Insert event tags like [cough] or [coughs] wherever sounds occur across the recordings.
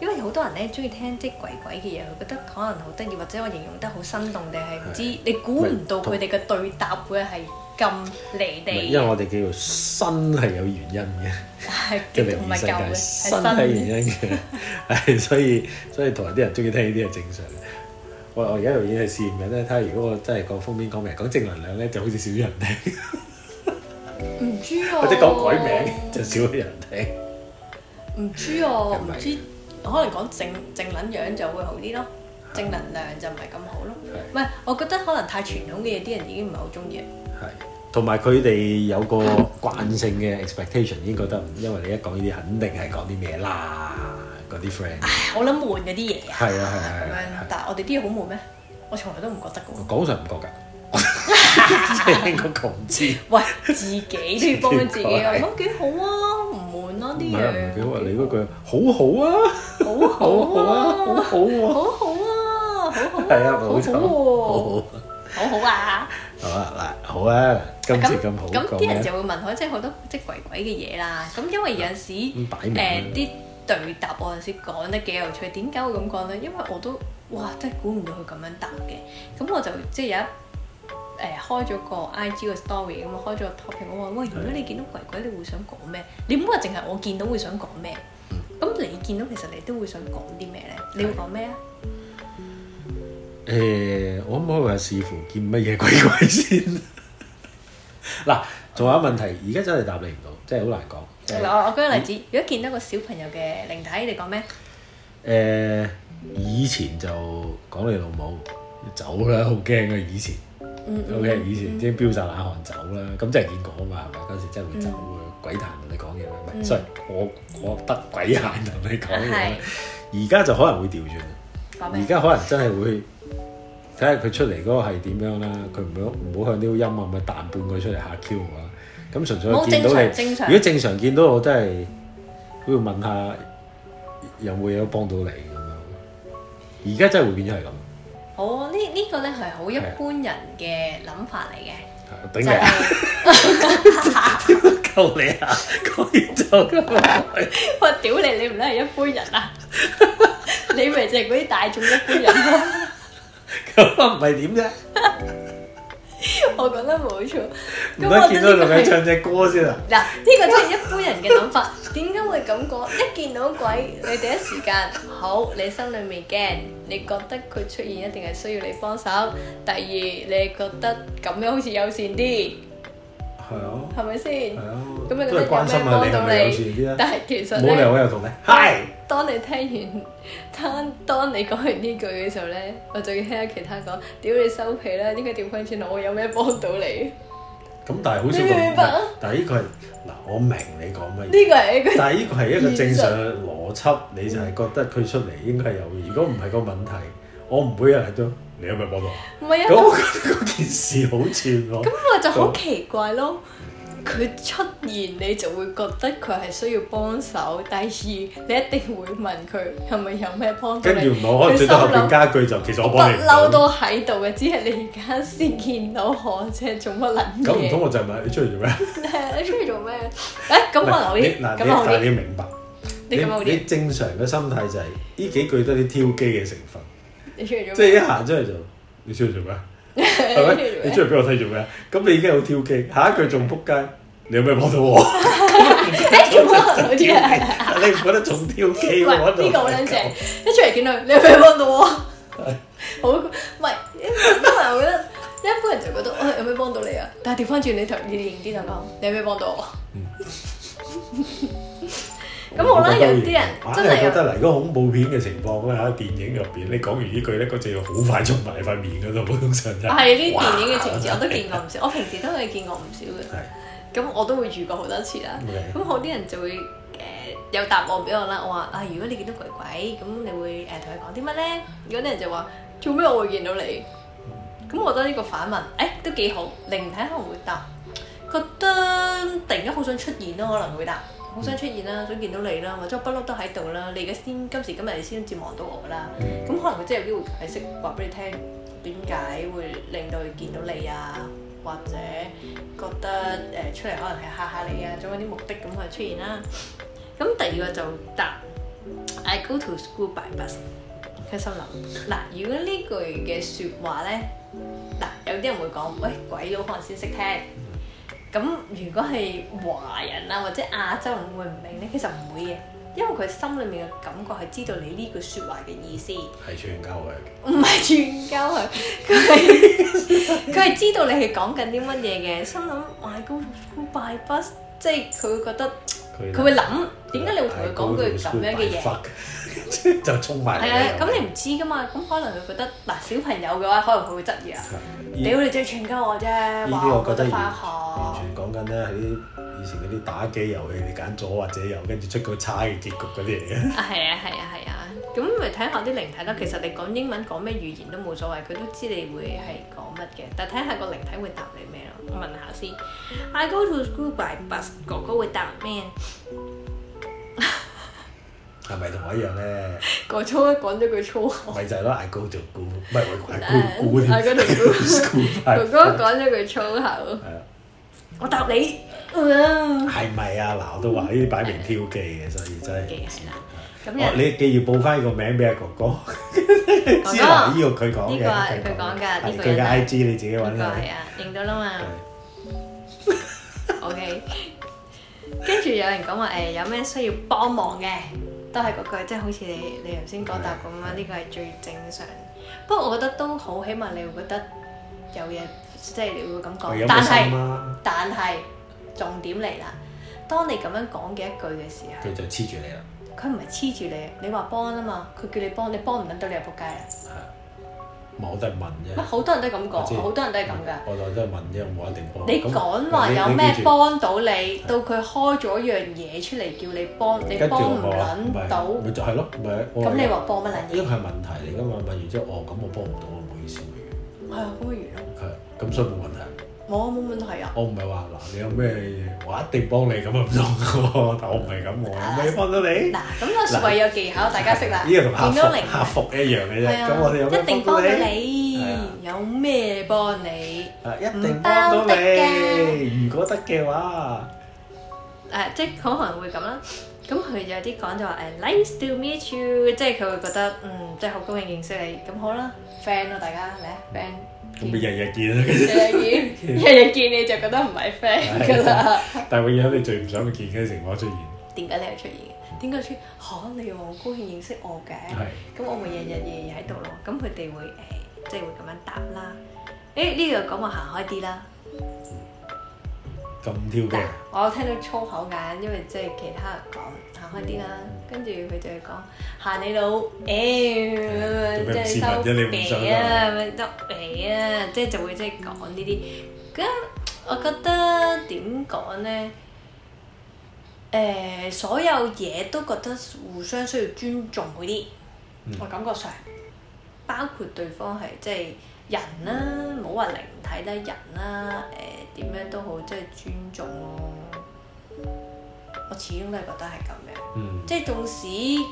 因為有好多人咧中意聽即係鬼鬼嘅嘢，佢覺得可能好得意，或者我形容得好生動，定係唔知你估唔到佢哋嘅對答會係咁離地。因為我哋叫做新係有原因嘅，即係唔係舊嘅，新係原因嘅，所以所以同埋啲人中意聽呢啲係正常。我我而家喺度演係試驗緊咧，睇下如果我真係講封面講名講正能量咧，就好似少人聽。唔知啊，或者講鬼名就少人聽。唔知啊，唔知。可能講正正能量就會好啲咯，正能量就唔係咁好咯。唔係，我覺得可能太傳統嘅嘢，啲人已經唔係好中意。係，同埋佢哋有個慣性嘅 expectation，已經覺得因為你一講呢啲，肯定係講啲咩啦。嗰啲 friend，我諗悶咗啲嘢啊。係啊係啊，但係我哋啲嘢好悶咩？我從來都唔覺得㗎喎。講上唔覺㗎，聽講唔知。喂，自己都要幫緊自己，我覺得幾好啊。唔係唔係，你嗰句好好啊，好好好啊，好好好好啊，好好係啊，好好好好好啊，係嘛？嗱，好啊，今次咁好，咁啲人就會問開即係好多即係鬼鬼嘅嘢啦。咁因為有陣時誒啲對答我有時講得幾有趣，點解我咁講咧？因為我都哇真係估唔到佢咁樣答嘅，咁我就即係有一。誒開咗個 IG 個 story 咁啊，開咗個 topic，我話喂，如果你見到鬼鬼，你會想講咩？你唔好話淨係我見到會想講咩。咁、嗯、你見到其實你都會想講啲咩咧？的你會講咩啊？誒、欸，我唔可以話視乎見乜嘢鬼鬼先。嗱、 [laughs] 啊，仲有問題，而家真係答你唔到，真係好難講。嗱，我我舉個例子，你如果見到個小朋友嘅靈體，你講咩？誒、欸，以前就講你老母走啦，好驚啊！以前。O、okay, K，以前先飚曬冷汗走啦，咁真係見講啊嘛，係咪嗰時真係會走嘅鬼彈同你講嘢？唔係、嗯，所以我我得鬼彈同你講嘢。而家是就可能會調轉，而家可能真係會睇下佢出嚟嗰個係點樣啦。佢唔好唔好向呢個音啊，咪彈半句出嚟嚇 Q 啊。咁純粹見到你。如果正常見到我真係會問下有冇嘢幫到你咁樣。而家真係會變咗係咁。我呢呢、這個咧係好一般人嘅諗法嚟嘅，就係、係、屌 [laughs] 你啊！講完就咁， [laughs] 我屌你，你唔係一般人啊！ [laughs] 你咪就係嗰啲大眾一般人咯、啊，咁唔係點啫？ [laughs] [laughs] 我覺得冇錯 [laughs] 得，咁我見到同喺唱隻歌先啊！嗱、 [laughs] 啊，呢、呢個真係一般人嘅諗法，點解會咁講？一見到鬼，你第一時間好，你心裏面驚，你覺得佢出現一定係需要你幫手。第二，你覺得咁樣好似友善啲，係啊、哦，係咪先？係啊、哦。都係關心啊，你有咩幫助你？但係其實咧，當你聽完，當當你講完呢句嘅時候咧，我就要聽下其他講。屌你收皮啦，應該調翻轉頭，我有咩幫到你？咁但係好少咁。但係呢個係嗱，我明你講乜嘢？呢個係呢句。但係呢個係一個正常邏輯，你就係覺得佢出嚟應該係有。如果唔係個問題，我唔會入嚟啫。你有咩幫助？唔係啊，我覺得嗰件事好串喎。咁我就好奇怪咯。佢出現你就會覺得佢係需要幫手，第二你一定會問佢係咪有咩幫助你？跟住攞開家具就其實我幫你。不嬲都喺度嘅，只係你而家先見到我，即係做乜撚嘢？咁唔通我就係問你出嚟做咩？你出嚟做咩？誒咁我嗱啲嗱啲，但係你明白？你你正常嘅心態就係呢幾句都係挑機嘅成分。你出嚟做咩？即係一下，即係就：「你出嚟做咩？係你出嚟俾我睇做咩？咁你已經好挑 K，下一句仲撲街，你有咩幫到我？你唔覺得仲挑 K？喎？呢個好靚正。一出嚟見到，你有咩幫到我？好，唔係，因為我覺得一般人就覺得有咩幫到你啊？但係調翻轉你頭，你認啲就講，你有咩幫到我？咁我啦？我有啲人真係覺得嚟個恐怖片嘅情況咧喺有電影入邊你講完呢句咧，嗰隻要好快撞埋塊面嗰度，普通常真係。係呢電影嘅情節我都見過唔少， [laughs] 我平時都係見過唔少嘅。咁是我都會遇過好多次啦。咁好啲人就會誒、呃、有答案俾我啦。我話啊，如果你見到鬼鬼，咁你會誒同佢講啲乜咧？如果啲人就話做咩我會見到你？咁、嗯、我覺得呢個反問誒、欸、都幾好，靈體可能會答，覺得突然間好想出現咯，可能會答。好想出現啦，想見到你啦，或者我不嬲都喺度啦，你而家先，今時今日你先至望到我啦。咁可能佢真係有機會係識話俾你聽，點解會令到佢見到你啊？或者覺得誒、呃、出嚟可能係嚇嚇你啊，做嗰啲目的咁去出現啦。咁第二個就答，I go to school by bus。喺心諗嗱，如果句呢句嘅説話咧，嗱有啲人會講，喂，鬼佬可能先識聽。咁如果係華人啊，或者亞洲人會唔明咧？其實唔會嘅，因為佢心裏面嘅感覺係知道你呢句説話嘅意思。係傳教嘅。唔係傳教，佢係，佢係知道你係講緊啲乜嘢嘅，心諗 I go by bus，即係佢會覺得佢呢會諗點解你會同佢講句咁樣嘅嘢。啊就沖埋係啊！咁你唔知噶嘛？咁可能佢覺得嗱，小朋友嘅話，可能佢會質疑啊！屌你最串鳩我啫！呢個我覺得完全講緊咧，喺以前嗰啲打機遊戲，你揀左或者右，跟住出個差嘅結局嗰啲嚟嘅。啊係啊係啊係啊！咁咪睇下啲靈體咯。其實你講英文講咩語言都冇所謂，佢都知你會係講乜嘅。但睇下個靈體會答你咩咯？問下先。I go to school by bus. 哥哥會答咩？係咪同我一樣咧？哥哥講咗句粗口。咪就係咯，I go to go，唔係我講，I go to go。哥哥講咗句粗口。係啊。我答你。係咪啊？嗱，我都話呢啲擺明挑機嘅，所以真係。咁啊，你記住要報翻個名俾阿哥哥。哥哥。知啦，呢個佢講嘅。呢個係佢講㗎。係佢嘅 IG，你自己搵啦。呢個係啊，認到啦嘛。OK。跟住有人講話誒，有咩需要幫忙嘅？都係嗰句，即係好似你你頭先講答咁啦，呢個係最正常。不過我覺得都好，起碼你會覺得有嘢，即係你會咁講。但係，但係重點嚟啦，當你咁樣講嘅一句嘅時候，佢就黐住你啦。佢唔係黐住你，你話幫啊嘛，佢叫你幫，你幫唔等到你又撲街啊。我，都係問啫。好多人都係咁講，好多人都係咁嘅。我就都係問啫，我冇一定幫。你講話有咩幫到你，到佢開咗樣嘢出嚟叫你幫，你幫唔緊到？咪就係咯，咪我。咁你話幫乜撚嘢？呢個係問題嚟㗎嘛？問完之後，哦，咁我幫唔到，我唔好意思咁係啊，幫唔完咯。係，咁所以冇問題。冇冇問題啊！我唔係話嗱你有咩嘢，我一定幫你咁啊，唔同，但我唔係咁，我有咩幫到你？嗱，咁就說話有技巧，喏大家識啦。呢個同客服到你客服一樣嘅啫。啊、我係啊，啊，一定幫到你，有咩幫你？一定幫到你，如果得嘅話。誒、啊，即係好可能會咁啦。咁佢有啲講就話誒，nice to meet you，即係佢會覺得嗯，即係好高興認識你，咁好啦，friend 咯，大家嚟，friend。咪日日見啊！日日見，日日 [laughs] 見你就覺得唔係 friend 噶啦。 [laughs] 但係我見到你最唔想去見嘅、就是、情況出現。點解你會出現？點解出現？嚇、啊！你又好高興認識我嘅。咁的我咪日日夜夜喺度咯。咁佢哋會誒，即、呃、係、就是、會咁樣答啦。誒、欸、呢、這個講話行開啲啦。咁挑嘅。我聽到粗口眼，因為即係其他人講。開啲啦，跟住佢就係講行你佬，誒即係收皮啊，收皮啊，即係、啊啊、就會即係講呢啲。咁、嗯、我覺得點講咧？誒、呃，所有嘢都覺得互相需要尊重嗰啲，嗯、我感覺上包括對方係即係人啦、啊，冇話靈體啦，人啦、啊，誒點樣都好，即、就、係、是、尊重咯、啊。我始終都係覺得係咁嘅，即係縱使誒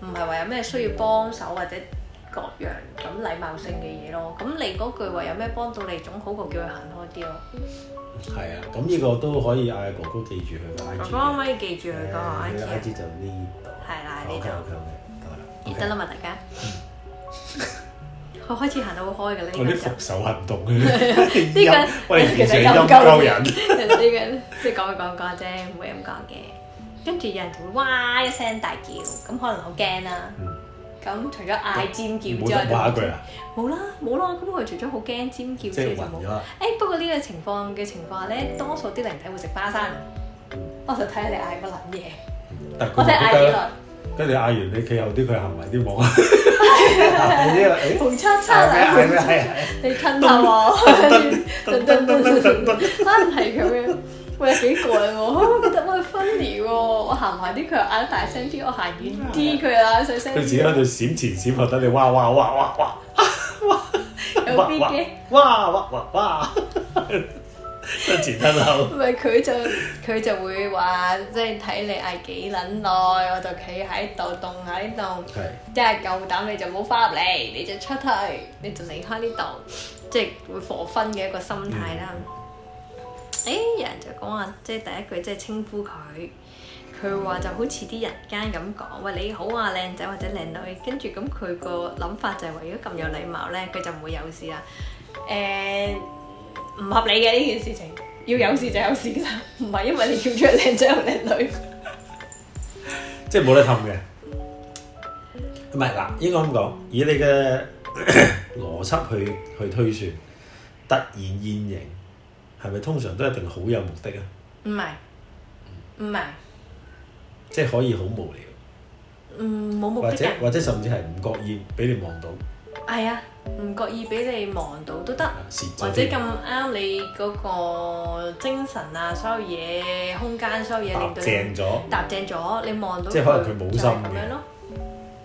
唔係話有咩需要幫手或者各樣咁禮貌性嘅嘢咯，咁你嗰句話有咩幫到你，總好過叫佢行開啲咯。係啊，咁呢個都可以嗌哥哥記住佢，哥哥可以記住佢講。開始就呢度，係啦，呢度夠得啦嘛，大家，佢開始行到開嘅呢啲扶手行動，呢音，其實完全陰人。即係講講講啫，唔會咁講嘅。跟住有人就會哇一聲大叫，咁可能好驚啦。咁除咗嗌尖叫之外，冇啦冇啦。咁佢除咗好驚尖叫之外就冇。誒不過呢個情況嘅情況咧，多數啲靈體會食花生。我就睇下你嗌個撚嘢，或者嗌幾耐？跟住嗌完你企後啲，佢行埋啲望。紅叉叉嚟？係咩？係啊係啊！你親下我，噔噔噔可能係咁樣。喂，幾攰喎？覺得我喂分離喎！我行埋啲，佢嗌得大聲啲； [laughs] 我行遠啲，佢又嗌細聲啲。佢自己喺度閃前閃後，等你哇哇哇哇哇，有邊嘅？哇哇哇，哇！哇！」 [laughs] 哈前吞後。唔係佢就佢就會話，即係睇你嗌幾撚耐，我就企喺度，凍喺度。即是一係夠膽你就冇返嚟，你就出去，你就離開呢度，即係、就是、會破分嘅一個心態啦。嗯。誒、哎，有人就講話，即係第一句即係稱呼佢，佢話就好似啲人間咁講，喂你好啊，靚仔或者靚女，跟住咁佢個諗法就係、是、話，如果咁有禮貌咧，佢就唔會有事啦。誒、欸，唔合理嘅呢件事情，要有事就有事啦，唔係因為你叫出靚仔或靚女，即係冇得氹嘅，唔係嗱，應該咁講，以你嘅邏輯去去推算，突然現形。係咪通常都一定好有目的啊？唔係，唔係。即係可以好無聊。嗯，冇目的或者，或者甚至係唔覺意俾你望到。係啊，哎，唔覺意俾你望到都得。或者咁啱你嗰個精神啊，所有嘢空間所有嘢，令到你，正咗，答正咗，你望到。即係可能佢冇心嘅。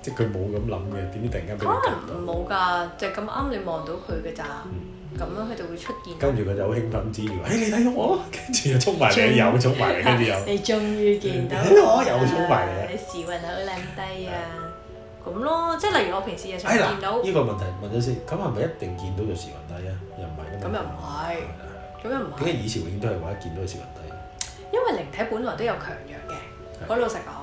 即佢冇咁諗嘅，點知突然間俾人夾到？可能冇㗎，就係咁啱你望到佢㗎咋，咁樣佢就會出現。跟住佢就好興奮之餘，誒你睇到我，跟住又衝埋嚟，又衝埋嚟，跟住又你終於見到我，又衝埋嚟。你時運好靚低啊！咁咯，即係例如我平時嘢上見到呢個問題問咗先，咁係咪一定見到就時運低啊？又唔係咁，又唔係，咁又唔係，點解以前永遠都係話一見到就時運低？因為靈體本來都有強弱嘅，我老實講。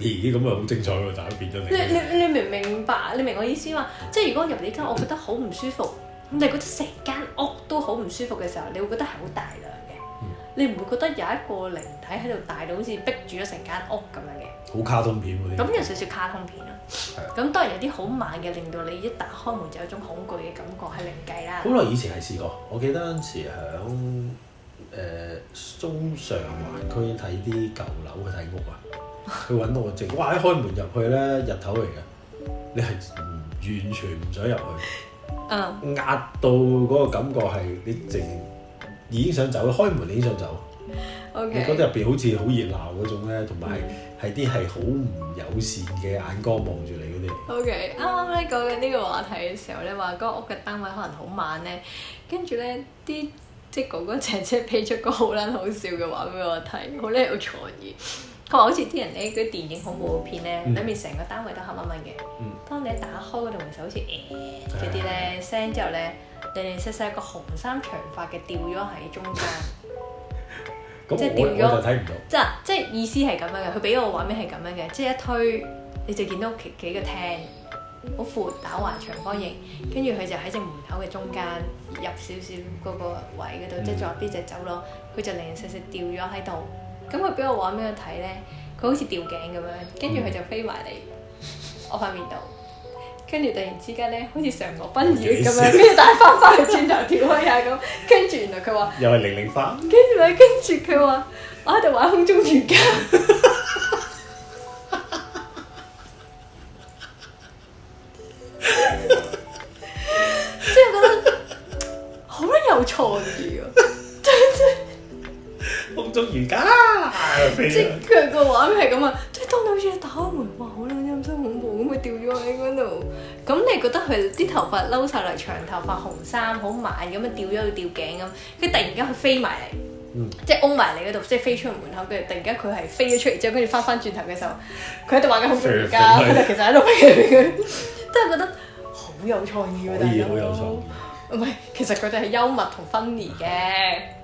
咦，依咁啊，好精彩喎！但變咗你。你你明唔明白？你明，你明我意思嘛？即係如果入你間屋，我覺得好唔舒服， [coughs] 你覺得成間屋都好唔舒服嘅時候，你會覺得係好大量嘅。嗯、你唔會覺得有一個靈體喺度大到好似逼住咗成間屋咁樣嘅。好卡通片嗰啲。咁有少少卡通片啊。咁當然有啲好、啊、 [coughs] 猛嘅，令到你一打開門就有種恐懼嘅感覺，係另計啦。好耐以前係試過，我記得嗰陣時喺誒中上環區睇啲舊樓去睇屋啊。佢揾到我整，哇！一開門入去咧，日頭嚟嘅，你係完全唔想入去，嗯，壓到嗰個感覺係你直已經想走，開門你已經想走，Okay. 你覺得入邊好似好熱鬧嗰種咧，同埋係啲係好唔友善嘅眼光望住你嗰啲。O K，啱啱咧講緊呢個話題嘅時候咧，話嗰個屋嘅單位可能好猛咧，跟住咧啲即哥哥姐姐俾出個好撚好笑嘅話俾我睇，好叻，有創意。佢話好似啲人咧，嗰啲電影恐怖片咧，裏面成個單位都黑掹掹嘅。嗯。當你一打開嗰度門時，好似誒嗰啲咧聲之後咧，零零細細一個紅衫長髮嘅掉咗喺中間。即掉咗，咁我我就睇唔到。即即意思係咁樣嘅，佢俾個畫面係咁樣嘅，即一推你就見到幾幾個廳，好闊打橫長方形，跟住佢就喺正門口嘅中間入少少嗰個位嗰度，即仲有邊隻走廊，佢就零零細細掉咗喺度。咁佢俾我玩俾佢睇咧，佢好似吊頸咁樣，跟住佢就飛埋嚟我塊面度，跟住 [laughs] 突然之間咧，好似嫦娥奔月咁樣，跟住大翻翻去轉頭跳開下咁，跟住 [laughs] 原來佢話又係零零花，跟住咪跟住佢話我喺度玩空中瑜伽。 [laughs] 覺得佢啲頭髮撈曬嚟，長頭髮紅衫好慢咁樣吊咗吊頸咁，佢突然間佢飛埋嚟，嗯，即係 O 埋你嗰度，即係飛出門口。跟住突然間佢係飛咗出嚟之後，跟住翻翻轉頭嘅時候，佢喺度玩緊恐怖家，Fair 但係 Fair 其實喺度玩緊，Fair [laughs] [laughs] 都係覺得好有創意啊！以大家，唔係，其實佢哋係幽默同分離嘅。 [laughs]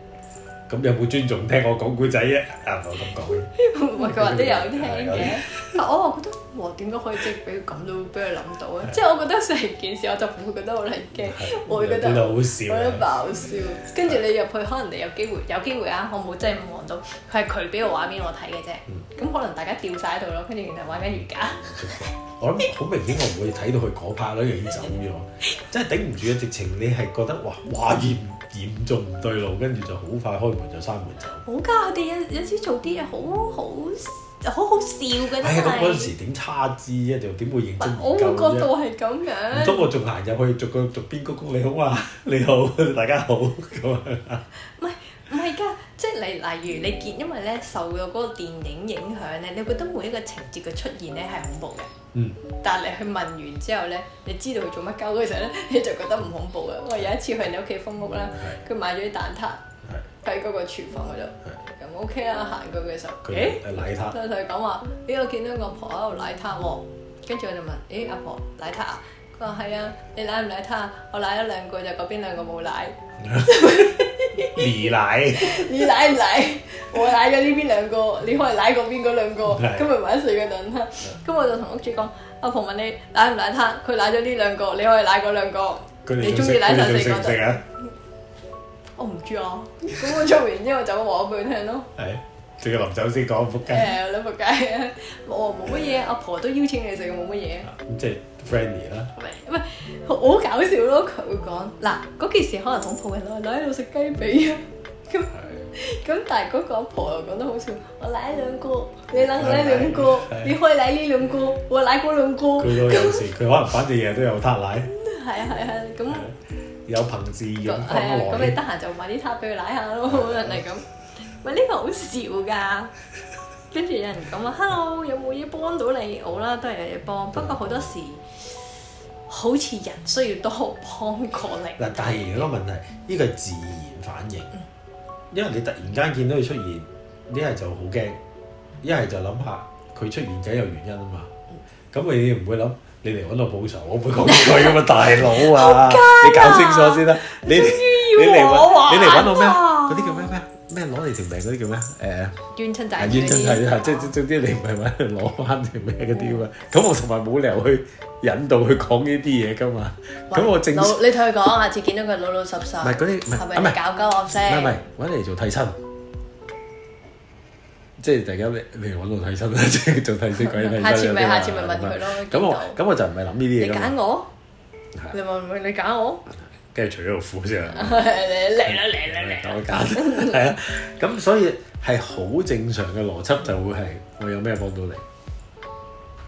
咁有冇尊重聽我講古仔啫？啊，唔咁講，唔係佢話都有聽嘅， [laughs] 但我話覺得，哇點解可以即係俾佢咁都俾佢諗到咧？ [laughs] 即係我覺得成件事我就唔會覺得好驚， [laughs] 我會覺得好笑，覺得搞笑。跟住你入去可能你有機會，有機會啊。我冇真係望到，佢係佢俾個畫面我睇嘅啫。咁、嗯、可能大家掉晒喺度咯，跟住原來玩緊瑜伽。 [laughs] 我諗好明顯我，我唔會睇到佢嗰 part 又要走咗，真係頂唔住啊！直情你係覺得哇哇嚴重唔對路，跟住就好快開門就閂門走。好㗎，佢哋有有時做啲嘢好好好好笑嘅，都係。哎呀，咁嗰陣時點叉支啊？又點會認真我個角度係咁樣。唔通我仲行入去，逐個逐，個逐邊鞠躬你好啊，你好， [laughs] 大家好咁啊。 [laughs] 唔係噶，即係例例如你見，因為咧受咗嗰個電影影響咧，你覺得每一個情節嘅出現咧係恐怖嘅。嗯。但係你去問完之後咧，你知道佢做乜鳩嘅時候咧，你就覺得唔恐怖嘅。我有一次去你屋企封屋啦，佢買咗啲蛋撻，喺嗰個廚房嗰度。咁 OK 啦，行過去嘅時候，誒，奶撻。我就同佢講話，呢我見到個婆喺度奶撻喎，跟住我就問，誒，阿婆奶撻啊？佢話係啊，你奶唔奶撻？我奶咗兩個，就嗰邊兩個冇奶。你奶？你奶唔奶？我奶咗呢邊兩個，你可以奶嗰邊嗰兩個。今日玩碎架蛋。咁我就同屋主講，阿婆問你奶唔奶他，佢奶咗呢兩個，你可以奶嗰兩個。你中意奶晒四個蛋？我唔知啊。咁我做完之後就話俾佢聽咯。係、哎。仲要臨走先講一撻雞，誒兩撻雞，我冇乜嘢，阿婆都邀請你食，冇乜嘢。咁即係 friendly 啦，唔係唔係，好搞笑咯，佢會講嗱，嗰件事可能同普通人話喺度食雞髀啊，咁咁但係嗰個阿婆又講得好笑，我舐兩個，你舐唔舐兩個？你可以舐呢兩個，我舐嗰兩個。佢都有時，佢可能反正日日都有撻舐。係啊係啊，咁有朋自遠方來。咁你得閒就買啲撻俾佢舐下咯，人係咁。呢個好笑㗎，跟住有人講話 [laughs] ，Hello，有冇嘢幫到你？我啦，都係有嘢幫，不過好多時好似人需要多幫過你。嗱，但係而家問題，呢個係自然反應，因為你突然間見到佢出現，一係就好驚，一係就諗下佢出現梗有原因啊嘛。咁你唔會諗你嚟揾我報仇，我唔會講嘢佢噶嘛， [laughs] 大佬啊，啊你搞清楚先啦，啊，你你嚟揾你嚟揾我咩？嗰啲叫咩？咩攞你條命嗰啲叫咩？誒，冤親債主啲，冤親係啦，即係總之你唔係揾嚟攞翻條命嗰啲嘛。咁我同埋冇理由去引導佢講呢啲嘢噶嘛。咁我正老，你同佢講，下次見到佢老老實實，唔係嗰啲，唔係唔係搞鳩我啫。唔係揾嚟做替身，即係大家你你揾到替身啦，即係做替死鬼咩？下次咪下次咪問佢咯。咁我咁我就唔係諗呢啲嘢咯。你揀我，你冇唔係你揀我。跟住除咗條褲先啊！嚟啦嚟後啦嚟！啦我講， [laughs] 係啊，咁所以係好正常嘅邏輯，就會係我有咩幫到你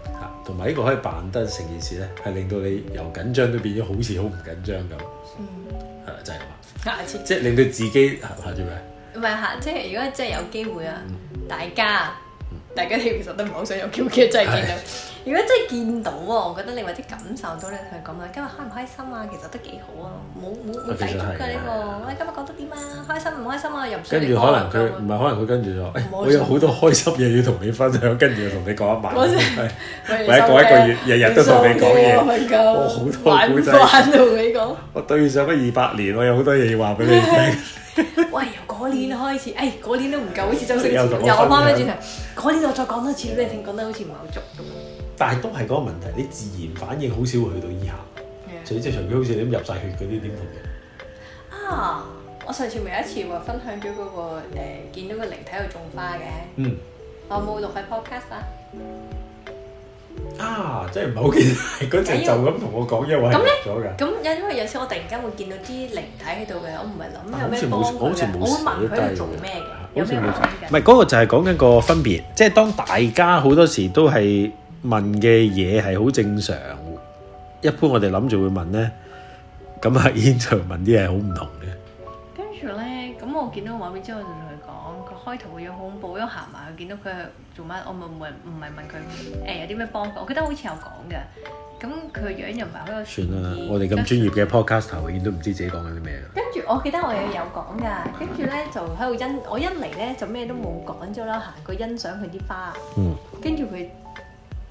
吓，同埋呢個可以扮得成件事咧，係令到你由緊張都變咗好似好唔緊張咁，係咪就係、是、嘛？下次即係令到自己下啲咩？唔係吓，即係如果真係有機會啊，嗯、大家。大家其實都唔係好想有 Q Q 真係見到，如果真係見到我覺得你或者感受到你係咁啦。今日開唔開心啊？其實都幾好啊，冇冇冇睇頭嘅呢個。你今日覺得點啊？開心唔開心啊？又唔嚟，跟住可能佢唔係可能佢跟住就，我有好多開心嘢要同你分享，跟住同你講一晚，唔係講一個月，日日都同你講嘢，我好多古仔同你講，我對上咗二百年，我有好多嘢要話俾你聽。嗰年開始，誒、哎，嗰年都唔夠，好似周又又翻翻轉頭，嗰年我再講多次，你 Yeah. 聽講得好似唔係好足咁。但係都係嗰個問題，你自然反應好少會去到以下，所以即係除非好似你咁入晒血嗰啲，點同啊？我上次咪有一次話分享咗嗰、那個誒、呃，見到個靈體喺度種花嘅，嗯、mm.，我冇錄喺 Podcast 啊？啊！真係唔係好見，嗰陣就咁同我講，因為咁嘅。咁 [laughs] 因為有時我突然間會見到啲靈體喺度嘅，我唔係諗有咩幫助。我，我問佢做咩嘅？但是好似冇做嘅。唔係嗰個就係講緊個分別，嗯、即係當大家好多時都係問嘅嘢係好正常。一般我哋諗住會問咧，咁喺現場問啲嘢係好唔同嘅。跟住咧，咁我見到畫面之後開頭個樣恐怖，咁行埋去見到佢做乜？我咪問，唔係問佢誒有啲咩幫？我記得好似有講㗎。咁佢個樣又唔係好有。算啦。我哋咁專業嘅 podcaster，永遠都唔知自己講緊啲咩。跟住我記得我又有講㗎。跟住咧就喺度欣，我一嚟咧就咩都冇講咗啦，行過欣賞佢啲花。嗯。跟住佢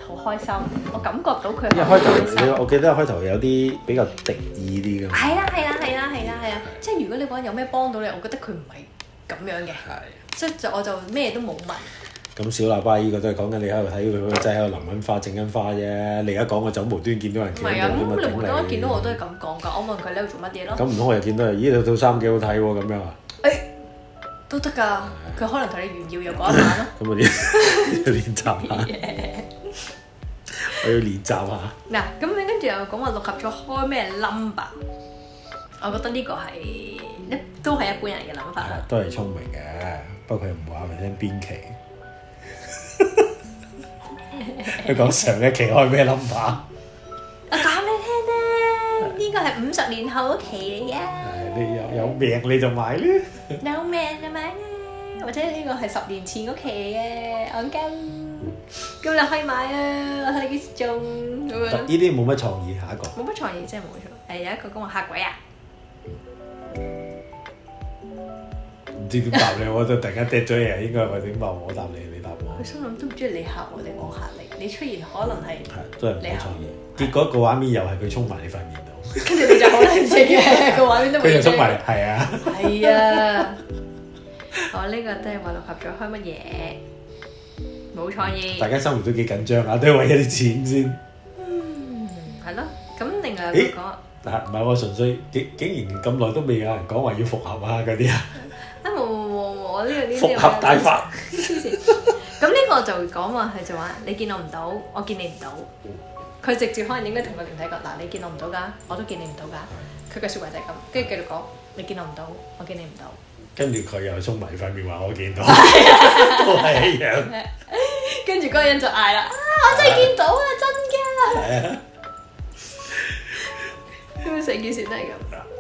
好開心，我感覺到佢。一開頭我記得一開頭有啲比較敵意啲嘅。係啦係啦係啦係啦係啊！即係如果你講有咩幫到你，我覺得佢唔係咁樣嘅。係。即係就我就咩都冇問。咁小喇叭依個都係講緊你喺度睇佢，佢真係喺度淋緊花、整緊花啫。你而家講我就無端見到人？唔係啊，咁你當我見到我都係咁講噶。我問佢你喺度做乜嘢咯？咁唔通我又見到人，咦？你套衫幾好睇喎？咁樣。誒，都得㗎。佢可能同你炫耀又講一下咯。咁我練練習下。我要練習下。嗱，咁你跟住又講話六合咗開咩 number？我覺得呢個係一都係一般人嘅諗法。都係聰明嘅。不過佢唔話明聽邊期，佢講上一期開咩 number，我講你聽啦，呢個係五十年後嘅期嚟嘅，你有有命你就買啦，有命就買啦，或者呢個係十年前嘅期嘅，我今今日可以買啊，我睇你幾時中咁樣。呢啲冇乜創意，下一個冇乜創意真係冇錯，係啊，佢講話下一個啊。唔知點答你，我就突然間掟咗嘢，應該係為點問我答你，你答我。佢心諗都唔知你嚇我定我嚇你。你出現可能係，都係冇創意。結果個畫面又係佢沖埋你塊面度，跟住你就好難清嘅個畫面都。佢又沖埋，係啊。係啊。哦，呢個都係話六合彩開乜嘢？冇創意。大家生活都幾緊張啊，都係為一啲錢先。嗯，係咯。咁另外有冇講啊？嗱，唔係我純粹，竟竟然咁耐都未有人講話要復合啊嗰啲啊。復合大法。咁呢個就講話佢就話你見我唔到，我見你唔到。佢直接可能應該同個靈體講，嗱，你見我唔到噶，我都見你唔到噶。佢個說話就係咁，跟住繼續講，你見我唔到，我見你唔到。跟住佢又衝埋塊面話我見到，都係一樣。跟住嗰個人就嗌啦，啊，我真係見到啊，真驚喇。係啊，咁成件事都係咁。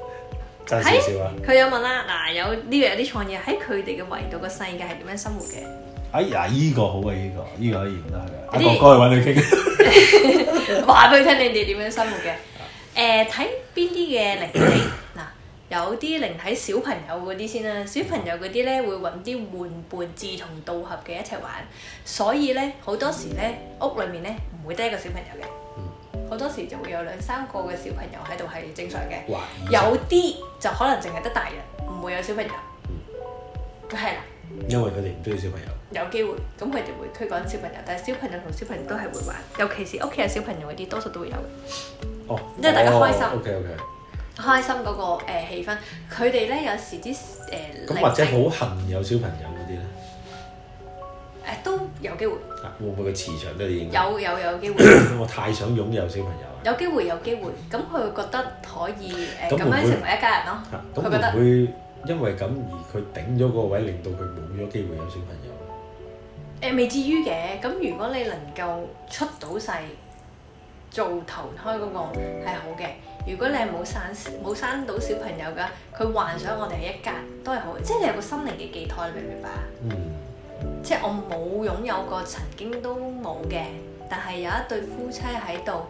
就佢有問啦，嗱有呢個有啲創意，喺佢哋嘅維度個世界係點樣生活嘅？哎呀、 [laughs] 呃，依個好啊，依個依個可以講得係。我唔該去揾佢傾，話俾佢聽你哋點樣生活嘅。誒，睇邊啲嘅靈體嗱， [coughs] 有啲靈體小朋友嗰啲先啦，小朋友嗰啲咧會揾啲玩伴志同道合嘅一齊玩，所以咧好多時咧屋裏面咧唔會得一個小朋友嘅。好多時就會有兩三個嘅小朋友喺度係正常嘅，有啲就可能淨係得大人，唔會有小朋友，係啦。因為佢哋唔中意小朋友。有機會，咁佢哋會推廣小朋友，但係小朋友同小朋友都係會玩，尤其是屋企有小朋友嗰啲，多數都會有嘅。哦，即係大家開心。OK，OK。開心嗰個誒氣氛，佢哋咧有時啲誒。咁或者好恨有小朋友。誒都有機會，會唔會個磁場都已經有？有有有機會。我太想擁有小朋友啦。有機會有機會，咁佢覺得可以誒咁樣成為一家人咯。嚇，咁佢覺得會因為咁而佢頂咗嗰個位，令到佢冇咗機會有小朋友。誒未至於嘅，咁如果你能夠出到世做投胎嗰個係好嘅，如果你係冇生冇生到小朋友噶，佢幻想我哋係一家人都係好，即係你有個心靈嘅寄託，你明唔明白啊？嗯。即係我冇擁有過，曾經都冇嘅。但係有一對夫妻喺度，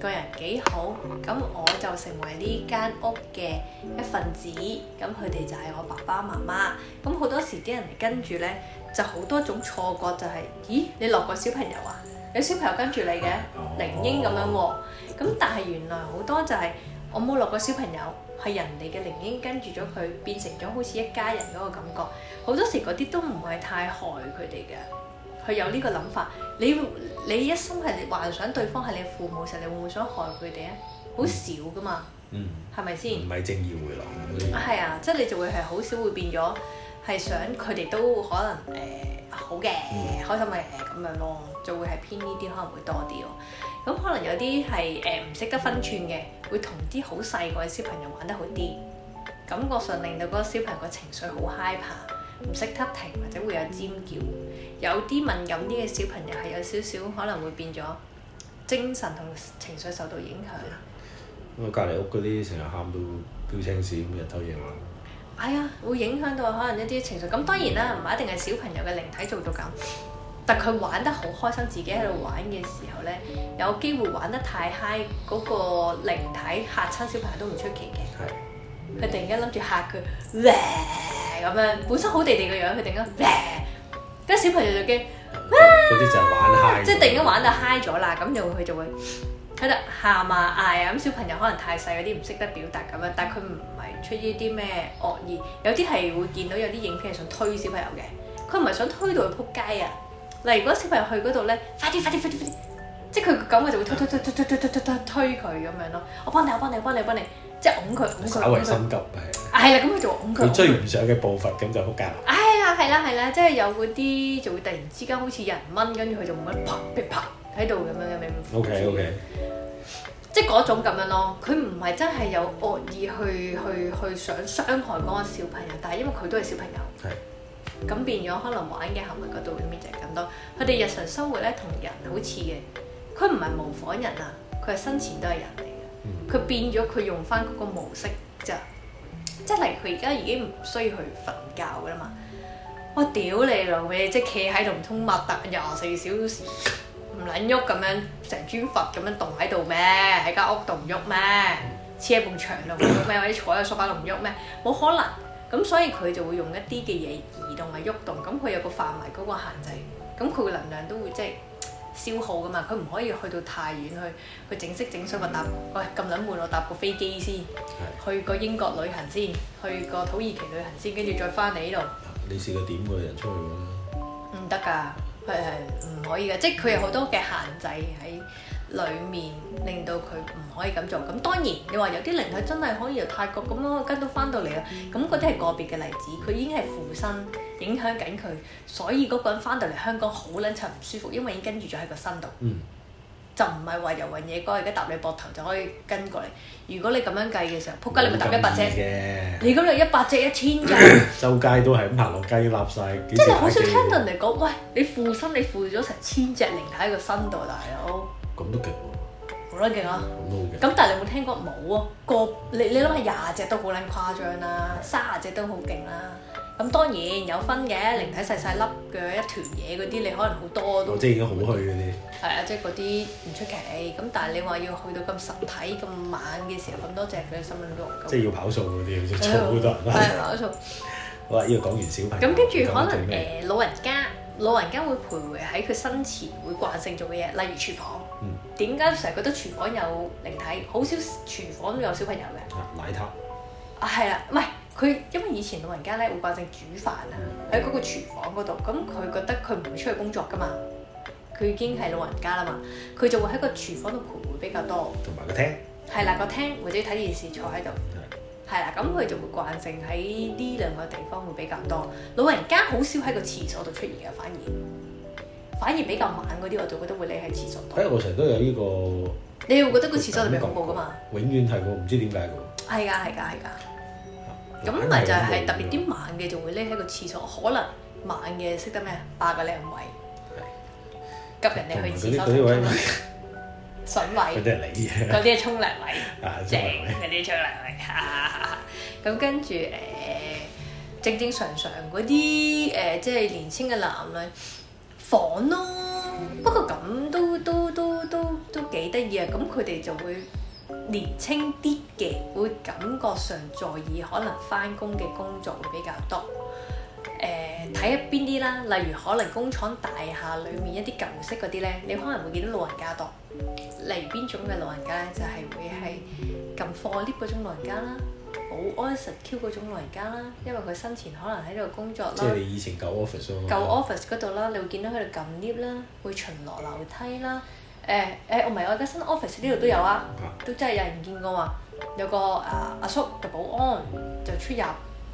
個人幾好。咁我就成為呢間屋嘅一份子。咁佢哋就係我爸爸媽媽。咁好多時啲人跟住呢，就好多種錯覺就係，咦？你落過小朋友啊？有小朋友跟住你嘅靈嬰咁樣啊。咁但係原來好多就係我冇落過小朋友。係人哋嘅靈嬰跟住咗佢，變成咗好似一家人嗰個感覺。好多時嗰啲都唔係太害佢哋嘅。佢有呢個諗法，你你一心係幻想對方係你父母嘅時候，你會唔會想害佢哋啊？好少㗎嘛，係咪先？唔係正義回廊啊，係啊，即係你就會係好少會變咗係想佢哋都可能誒、呃、好嘅、嗯、開心嘅咁樣咯、啊，就會係偏呢啲可能會多啲咯、啊。咁可能有啲係誒唔識得分寸嘅，會同啲好細個嘅小朋友玩得好啲，感覺上令到嗰個小朋友個情緒好 high 爬，唔識得停或者會有尖叫。有啲敏感啲嘅小朋友係有少少可能會變咗精神同情緒受到影響。咁我，隔離屋嗰啲成日喊到飆青屎，咁日頭夜晚，係啊，會影響到可能一啲情緒。咁當然啦，唔係一定係小朋友嘅靈體做到咁。但佢玩得好開心，自己喺度玩嘅時候咧，有機會玩得太 high，嗰個靈體嚇親小朋友都唔出奇嘅。係。佢突然間諗住嚇佢，咁樣本身好地地嘅樣，佢突然間，跟小朋友就驚。嗰啲就係玩 high。即係突然間玩得嗨咗啦，咁又佢就會喺度喊啊嗌啊。咁、啊啊、小朋友可能太細，有啲唔識得表達咁啊。但係佢唔係出於啲咩惡意，有啲係會見到有啲影片係想推小朋友嘅，佢唔係想推到佢撲街啊。嗱，如果小朋友去嗰度咧，快啲快啲快啲快啲，即係佢咁，我就會推、嗯、推推推推推推推推佢咁樣咯。我幫你，我幫你，我幫你，幫你，即係擁佢，稍微心急係。係啦、啊，咁佢的就擁佢。佢追唔上嘅步伐，咁他就好夾啦。哎呀、啊，係啦係啦，即係有嗰啲就會突然之間好似人蚊，跟住佢就咁樣啪啪啪喺度咁樣嘅，明唔明？O K O K，即係嗰種咁樣咯。佢唔係真係有惡意去惡意去去，去想傷害嗰個小朋友，嗯、但係因為佢都係小朋友。係。咁變咗可能玩嘅行為嗰度面就係咁多。佢哋日常生活咧，同人好似嘅，佢唔係模仿人啊，佢係生前都係人嚟嘅。佢變咗佢用翻嗰個模式啫，即係嚟，佢而家已經唔需要去瞓覺噶啦嘛。我屌你老味，即係企喺度唔通擘達廿四小時唔撚喐咁樣，成尊佛咁樣棟喺度咩？喺間屋度唔喐咩？黐喺埲牆度唔喐咩？或者坐喺個梳化度唔喐咩？冇可能。咁所以佢就會用一啲嘅嘢移動咪喐動，動，咁佢有個範圍嗰個限制，咁佢嘅能量都會即係消耗噶嘛，佢唔可以去到太遠去去整色整水或、嗯、搭，喂咁撚悶我搭個飛機先，的去個英國旅行先，去個土耳其旅行先，跟住再翻嚟呢度。你試過點個人出去㗎？唔得㗎，係係唔可以㗎，即係佢有好多嘅限制喺裡面令到佢唔可以咁做，咁當然你話有啲靈體真係可以由泰國咁樣跟到翻到嚟啊，咁嗰啲係個別嘅例子，佢已經係附身影響緊佢，所以嗰個人翻到嚟香港好撚柒唔舒服，因為已經跟住咗喺個身度。嗯，就唔係話遊魂野鬼而家搭你膊頭就可以跟過嚟。如果你咁樣計嘅時候，仆街你咪搭一百隻，你咁樣一百隻一千隻， [laughs] 周街都係咁行落街立晒。曬。即你好少聽到人哋講，喂，你附身你附咗成千隻靈體喺個身度，大佬。咁都勁喎，好撚勁啊！咁都好勁。咁但係你有冇聽過冇啊？個，你你諗下廿隻都好撚誇張啦，三十隻都好勁啦。咁當然有分嘅，靈體細細粒嘅一團嘢嗰啲，你可能好多都即係已經好虛嗰啲。係啊，即係嗰啲唔出奇。咁但係你話要去到咁實體、咁猛嘅時候咁多隻，佢嘅心都即係要跑數嗰啲，嘈好多人。係啊，跑數。好啦，呢個講完小朋友，咁跟住可能誒老人家。老人家會徘徊喺佢生前會慣性做嘅嘢，例如廚房。點解成日覺得廚房有靈體？好少廚房都有小朋友嘅。奶頭。啊，係啦，唔係佢，因為以前老人家咧會慣性煮飯啊，喺嗰、嗯、個廚房嗰度，咁佢覺得佢唔會出去工作噶嘛，佢已經係老人家啦嘛，佢、嗯、就會喺個廚房度徘徊比較多。同埋個廳。係啦、嗯，個廳或者睇電視坐喺度。嗯係啦，咁佢就會慣性喺呢兩個地方會比較多。老人家好少喺個廁所度出現嘅，反而反而比較晚嗰啲，我就覺得會匿喺廁所度。因為我成日都有呢個。你會覺得個廁所入面恐怖噶嘛？永遠係個，唔知點解嘅。係噶，係噶，係噶。咁咪就係特別啲晚嘅，就會匿喺個廁所。可能晚嘅識得咩？霸個靚位，夾人哋去廁所。筍位嗰啲係你嗰啲係沖涼位啊，正，嗰啲沖涼位，咁跟住誒、呃，正正常常嗰啲誒，即係年輕嘅男女房咯。嗯、不過咁都都都都都幾得意啊！咁佢哋就會年輕啲嘅，會感覺上在意可能返工嘅工作會比較多。誒睇下邊啲啦，例如可能工廠大廈裏面一啲舊式嗰啲咧，你可能會見到老人家度。例如邊種嘅老人家咧，就係、是、會係撳貨 lift 嗰種老人家啦，保安 Q 嗰種老人家啦，因為佢生前可能喺度工作啦。即係你以前舊 office off。舊 office 嗰度啦，你會見到佢哋撳 lift 啦，會巡邏樓梯啦。誒、呃、誒，哎哎 oh、my, 我唔係，我而家新 office 呢度都有啊，都真係有人見過啊，有個啊、uh, 阿叔嘅保安就出入。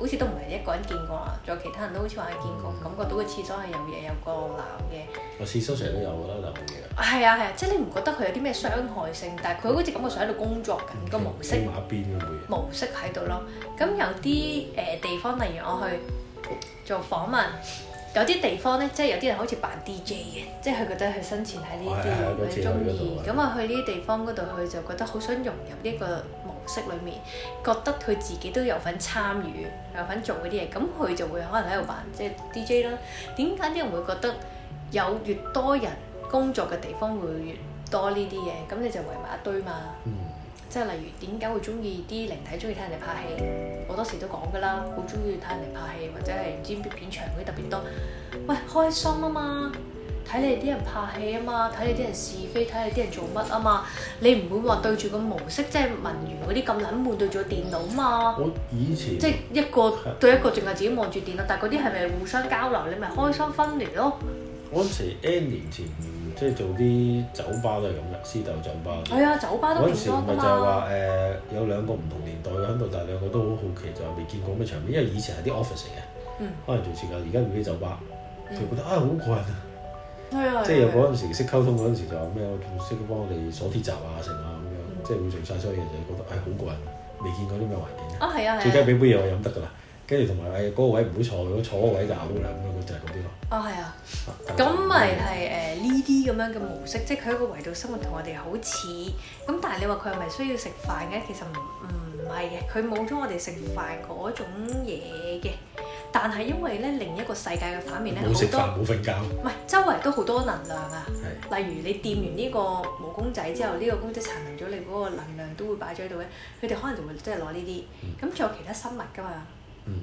好似都唔係一個人見過啦，仲有其他人都好似話係見過，感覺到個廁所係有嘢有個鬧嘅。個、哦、廁所成日都有㗎啦，鬧。係啊係啊，即係你唔覺得佢有啲咩傷害性？但係佢好似感覺上喺度工作緊個模式。嗯、邊模式喺度咯，咁有啲誒、呃、地方，例如我去做訪問，有啲地方咧，即係有啲人好似扮 DJ 嘅，即佢覺得佢生前喺呢啲，佢中意。咁我去呢啲地方嗰度佢就覺得好想融入呢、呢個。室裏面覺得佢自己都有份參與，有份做嗰啲嘢，咁佢就會可能喺度玩，即係 DJ 啦。點解啲人會覺得有越多人工作嘅地方會越多呢啲嘢？咁你就圍埋一堆嘛。即係、嗯、例如點解會中意啲靈體中意睇人哋拍戲？好多時都講㗎啦，好中意睇人哋拍戲，或者係唔知邊片場嗰啲特別多，喂，開心啊嘛！睇你啲人拍戲啊嘛，睇你啲人是非，睇你啲人做乜啊嘛。你唔會話對住個模式，即係文員嗰啲咁撚悶對住個電腦嘛。我以前即係一個對一個，淨係自己望住電腦，但係嗰啲係咪互相交流？你咪開心分裂咯。我時 N 年前即係做啲酒吧都係咁嘅私鬥酒吧。係啊，酒吧都幾多㗎嘛。我時咪就係話誒有兩個唔同年代嘅喺度，但係兩個都好好奇就係未見過咩場面，因為以前係啲 office 嘅，可能做設計，而家唔係啲酒吧，佢覺得啊好過癮啊。啊、 [music] 即係有嗰陣時識溝通嗰陣時就話咩，我仲識幫我哋鎖鐵閘啊，成啊咁樣，即係會做晒所有嘢，就覺得誒好過癮，未見過啲咩環境嘅。哦、啊，係啊是，最緊要俾杯嘢我飲得噶啦，跟住同埋誒嗰個位唔好坐嘅，坐嗰位就咬到啦咁樣，就係嗰啲咯。哦，係啊，咁咪係誒呢啲咁樣嘅模式，即係佢一個維度生活同我哋好似，咁但係你話佢係咪需要食飯嘅？其實唔唔係嘅，佢冇咗我哋食飯嗰種嘢嘅。但係因為咧另一個世界嘅反面咧，好多唔係周圍都好多能量啊。的例如你掂完呢個毛公仔之後，呢、嗯、個公仔殘留咗你嗰個能量都會擺咗喺度嘅。佢哋可能就會即係攞呢啲。咁仲、嗯、有其他生物㗎嘛？嗯，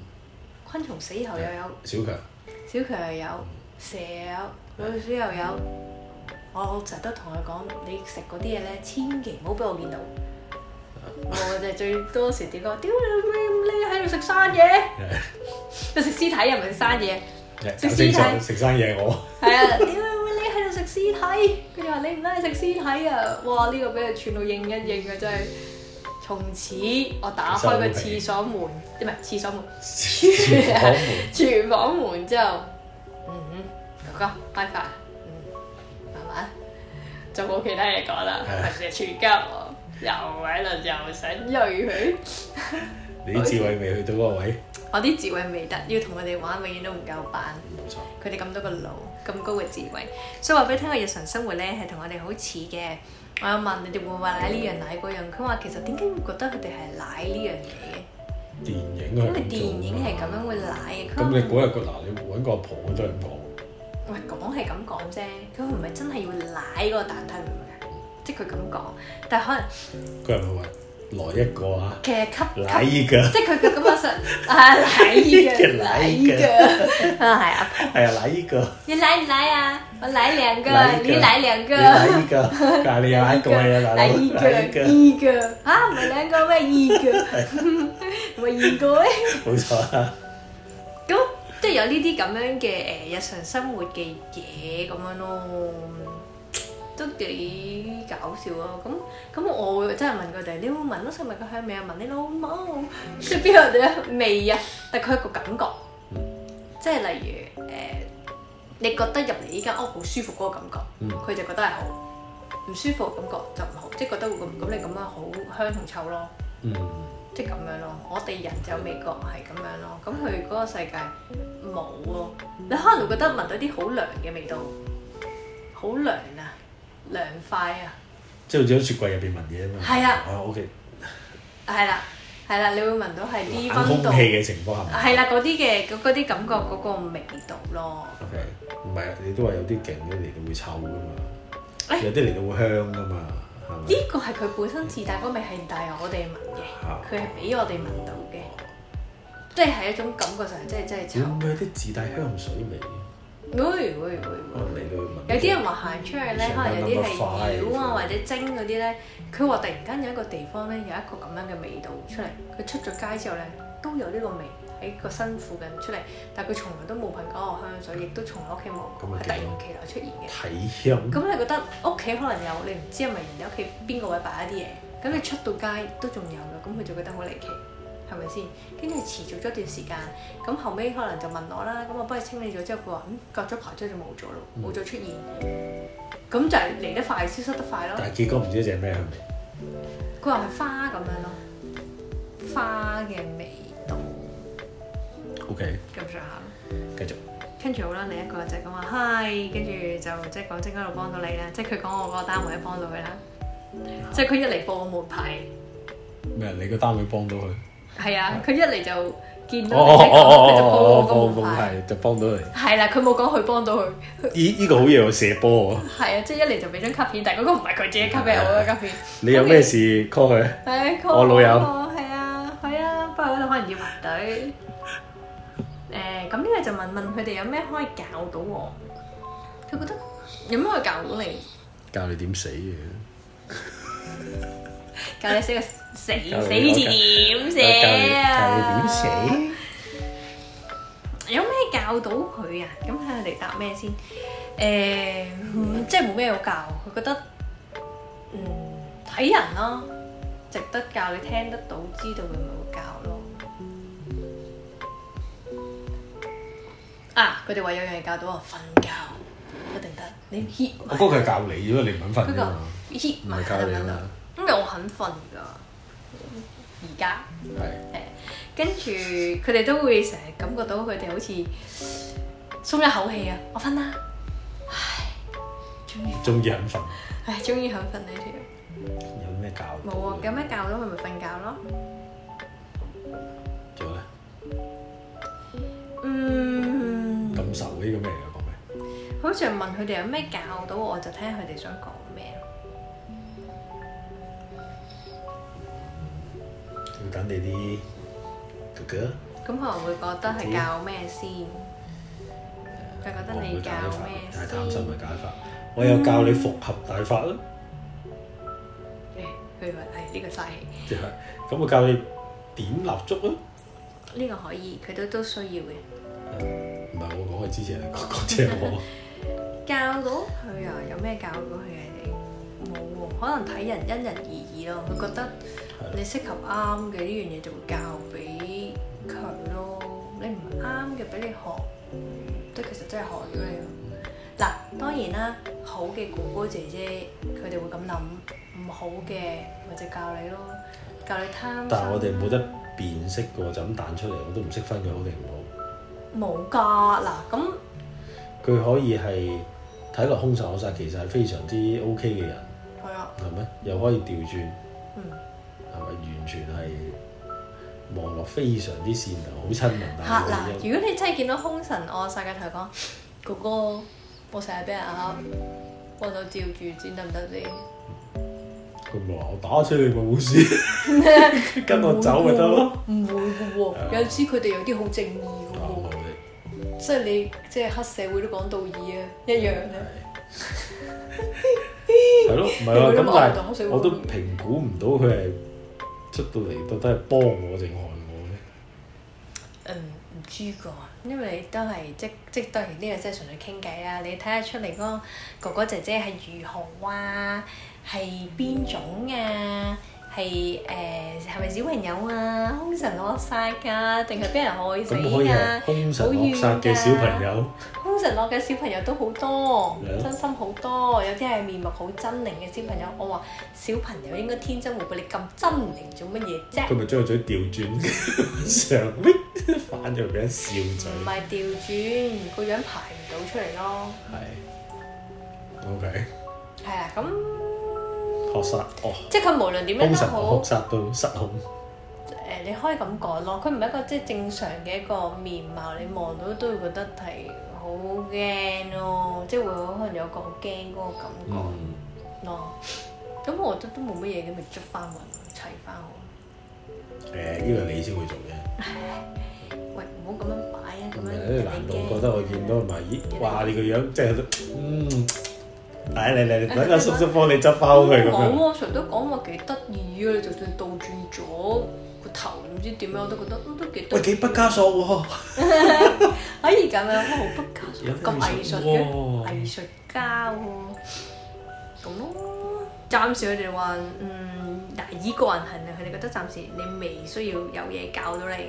昆蟲死後又有小強，小強又有蛇又有老鼠又有。有有嗯、我成日都同佢講，你食嗰啲嘢咧，千祈唔好俾我見到，我就 [laughs] 最多時點講，屌你你喺度食生嘢，又食屍體又唔係生嘢，食屍 Yeah. 體食 [laughs] 生嘢我。係 [laughs] 啊， [laughs] 屌你喺度食屍體，佢就話你唔你食屍體啊，哇呢、這個俾佢串到應一應啊，真係。從此， [laughs] 從此我打開個廁所門，唔係廁所門，廚 [laughs] 房門， [laughs] 廚房門之後，嗯嗯，哥哥開飯嗯，慢慢就冇其他嘢講啦，就成 [laughs] [laughs] [laughs] 家，人家！又喎，又想鋸佢。你啲智慧未去到嗰個位。我啲智慧未得，要同佢哋玩永遠都唔夠班。冇錯，佢哋咁多個腦，咁高嘅智慧，所以話俾你聽，我日常生活咧係同我哋好似嘅。我有問你哋會唔會話舐呢樣舐嗰樣，佢話其實點解會覺得佢哋係舐呢樣嘢？電影佢做。咁佢電影係咁樣會舐嘅。咁你嗰日嗰嗱，你揾個阿婆都係咁講。喂，講係咁講啫，佢唔係真係要舐個蛋睇唔睇？即佢咁講，但可能佢係咪話來一個啊？其實吸嚟嘅，即係佢佢咁樣想啊，嚟嘅，嚟嘅，啊係啊，係啊，嚟一個。你嚟唔嚟啊？我嚟兩個，你嚟兩個，嚟一個，啊你又一個啊，嚟一個，二個，嚇唔係兩個咩？二個，唔係二個咩？冇錯啊。咁即係有呢啲咁樣嘅誒日常生活嘅嘢咁樣咯。都幾搞笑咯！咁咁我會真係問佢哋，你會聞到食物嘅香味啊？聞你老母，邊、no. [laughs] 有味啊？但佢係一個感覺，即係例如誒、呃，你覺得入嚟依間屋好、哦、舒服嗰個感覺，佢、嗯、就覺得係好唔舒服感覺就唔好，即、就、係、是、覺得咁咁你咁樣好香同臭咯，即係咁樣咯。我哋人就有味覺係咁樣咯，咁佢嗰個世界冇咯。你可能會覺得聞到啲好涼嘅味道，好涼啊！涼快啊！即係好似喺雪櫃入邊聞嘢了啊嘛～係啊！O K，係啦，係啦，你會聞到係啲空氣嘅情況下，係啦嗰啲嘅嗰啲感覺嗰、嗰個味道咯。唔係、okay。你都話有啲勁咧嚟到會臭㗎嘛，欸、有啲嚟到會香㗎嘛，呢個係佢本身自帶嗰味，係帶我哋聞嘅，佢係俾我哋聞到嘅，哦、即係係一種感覺上，真係真係臭。有冇啲自帶香水味？啊、有啲人話行出去咧，可能有啲係妖啊或者精嗰啲咧，佢話、嗯、突然間有一個地方咧有一個咁樣嘅味道出嚟，佢出咗街之後咧都有呢個味喺個身附近出嚟，但係佢從來都冇噴過香水，亦都從來屋企冇喺短期內出現嘅。體香。咁你覺得屋企可能有你唔知係咪而家屋企邊個位擺一啲嘢，咁你出到街都仲有嘅。咁佢就覺得好離奇。係咪先？跟住持續咗一段時間，咁後尾可能就問我啦，咁我幫佢清理咗之後，佢話：嗯，隔咗排之後就冇咗咯，冇咗、嗯、出現。咁就係嚟得快，消失得快咯。但係結果唔知隻咩香味。佢話係花咁樣咯，花嘅味道。O K，咁上下啦，繼續。跟住好啦，另一個就咁話係，跟住就即係講即係喺度幫到你啦，即係佢講我個單位幫到佢啦，嗯、即係佢一嚟報我，我沒牌。咩？你個單位幫到佢？麼係啊，佢一嚟就見到你，嗰個佢就幫咁快，就幫到你。係啦，佢冇講佢幫到佢。咦呢個好嘢，我射波啊！係啊，即係一嚟就俾張卡片，但係嗰個唔係佢自己卡俾我嘅卡片。你有咩事 call 佢？係 call 我老友。係啊，係啊，不過嗰度可能要排隊。誒，咁呢個就問問佢哋有咩可以教到我？佢覺得有咩可以教到你？教你點死嘅？教你寫個死死字點寫啊？點寫？有咩教到佢啊？咁睇下佢哋答咩先？誒，即係冇咩好教，佢覺得，嗯，睇人咯，值得教你聽得到，知道佢唔會教咯。啊，佢哋話有樣嘢教到我瞓覺，一定得。你 heat，我哥佢係教你，如果你唔肯瞓啊嘛，heat 唔係教你啊嘛。因為我肯瞓㗎，而家，誒，跟住佢哋都會成日感覺到佢哋好似鬆一口氣啊，我瞓啦，唉，終於，終於肯瞓，唉，終於肯瞓呢條。有咩教？冇啊，有咩教到佢咪瞓覺咯？仲有咧？嗯，感受呢個咩嚟嘅講嘅？好似係問佢哋有咩教到，我就聽佢哋想講。要緊你啲哥哥。咁可能會覺得係教咩先？佢覺得你教咩先？太貪心嘅解法，我有教你複合大法啦。誒，佢話係呢個嘥氣。即係，咁我教你點立足啊？呢個可以，佢都都需要嘅。唔係我講嘅，之前講講即係我教到佢啊，有咩教過佢啊？冇可能，睇人，因人而異咯。佢覺得你適合啱嘅呢樣嘢，就會教俾佢咯。你唔啱嘅，俾你學即其實真係學咗你咯。嗱，當然啦，好嘅哥哥姐姐，佢哋會咁諗；唔好嘅，或者教你咯，教你貪。但係我哋冇得辨識嘅喎，就咁彈出嚟，我都唔識分佢好定唔好。冇㗎嗱，咁佢可以係睇落兇神惡煞，其實係非常之 O K 嘅人。係咩？又可以調轉，係咪、嗯、完全係望落非常之善良、好親民？嚇！嗱，如果你真係見到兇神，我世界台講哥哥，我成日俾人嚇，我到調住，剪得唔得你？佢話：我打死你個老師， [laughs] 跟我走咪得咯？唔會嘅喎，有時佢哋有啲好正義嘅喎，即係你即係、就是、黑社會都講道義啊，一樣嘅。是 [laughs] 係咯，唔係喎，咁我都我評估唔到佢係出到嚟到底係幫我定害我咧。嗯，唔知噶，因為你都係即即，即都係呢、呢個即係純粹傾偈啊！你睇下出嚟嗰個哥哥姐姐係如何啊？係邊種啊？係誒，係咪、呃、小朋友啊？兇神惡煞㗎，定係俾人害死㗎、啊？好冤！兇神惡煞嘅小朋友，兇神惡嘅小朋友都好多，的真心好多。有啲係面目好猙獰嘅小朋友，我話小朋友應該天真，會真，會俾你咁猙獰做乜嘢啫？佢咪將個嘴調轉上，反咗俾人笑咗。唔係調轉個樣排唔到出嚟咯。係。OK。係啊，咁。確實哦！你即係佢無論點樣都好，確實都失控。誒，你可以咁講咯，佢唔係一個即係正常嘅一個面貌，你望到都會覺得係好驚咯，即係會可能有個好驚嗰個感覺咯。咁我覺得都冇乜嘢嘅，咪捉翻我，砌翻我。誒，呢個你先會做嘅你。喂，唔好咁樣擺啊！咁樣，難道覺得我見到唔係？咦？哇給你！你個樣即係，嗯。嚟嚟嚟，你等阿叔叔幫你執包佢咁啊！冇，我常都講話幾得意啊！你就算倒轉咗個頭，唔知點樣，我都覺得都幾。喂，幾畢加索喎！可以咁樣，好畢加索，咁藝術嘅藝術家喎。咁咯，暫時佢哋話，嗯，依個人肯定佢哋覺得暫時你未需要有嘢教到你，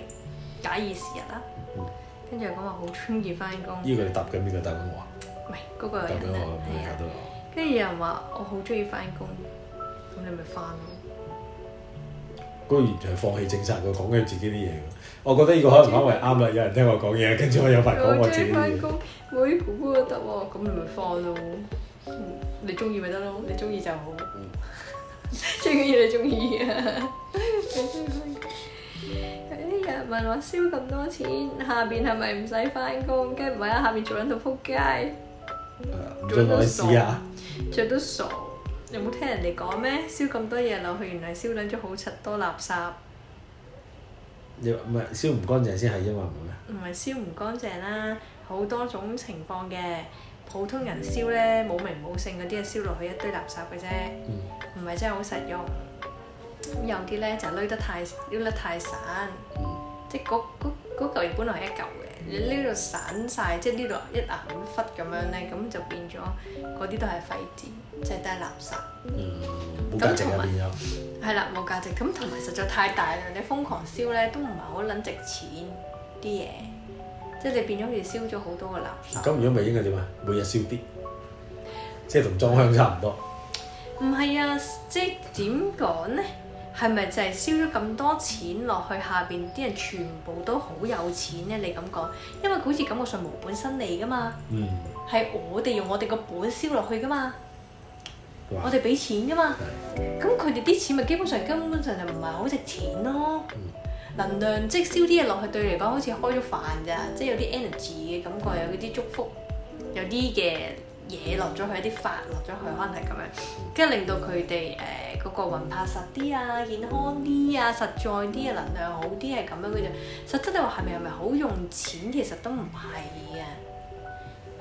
假以時日啦。嗯。跟住又講話好鍾意返工。依個你答緊邊個，答緊我啊？唔係嗰個答緊我，唔係答緊我。跟住有人話我好中意翻工，咁你咪翻咯。嗰個完全係放棄政策，佢講緊自己啲嘢。我覺得呢個可能因為啱啦，有人聽我講嘢，跟住我有份講我自己、嗯。我中意翻工，我估都得喎，咁你咪放咯。你中意咪得咯，你中意就好。最緊要你中意啊！你中意。誒，有人話燒咁多錢，下邊係咪唔使翻工？跟住唔係啊，喺下面做緊套仆街。做多啲屎啊！著都傻，你冇聽人哋講咩？燒咁多嘢落去，原來燒攤咗好柒多垃圾。你話唔係燒唔乾淨先係，因為唔係？唔係燒唔乾淨啦，好多種情況嘅。普通人燒呢，冇名冇姓嗰啲啊，燒落去一堆垃圾嘅啫，唔係真係好實用。有啲呢就攏得太攏得太散，即係嗰嗰嗰嚿本來係一嚿。你呢度散晒，即係呢度一嚿一忽咁樣咧，咁就變咗嗰啲都係廢紙，即係都係垃圾。嗯，冇價值。係啦有，冇有價值。咁同埋實在太大啦，你瘋狂燒咧都唔係好撚值錢啲嘢，即係你變咗好似燒咗好多個垃圾。咁如果咪應該點啊？每日燒啲，即係同裝香差唔多。唔係啊，即係點講咧？係咪就係燒咗咁多錢落去，下邊啲人全部都好有錢咧？你咁講，因為好似感覺上無本生利噶嘛，係、嗯、我哋用我哋個本燒落去噶嘛，哇我哋俾錢噶嘛，咁佢哋啲錢咪基本上根本上就唔係好值錢咯。能量即係、就是、燒啲嘢落去對你嚟講好似開咗飯咋，即、就、係、是、有啲 energy 嘅感覺，有啲祝福，有啲嘅。嘢落咗佢一啲法落咗佢，可能係咁樣，跟住令到佢哋誒嗰個魂魄實啲啊，健康啲啊，實在啲啊，能量好啲係咁樣嘅啫。實質你話係咪係咪好用錢？其實都唔係啊。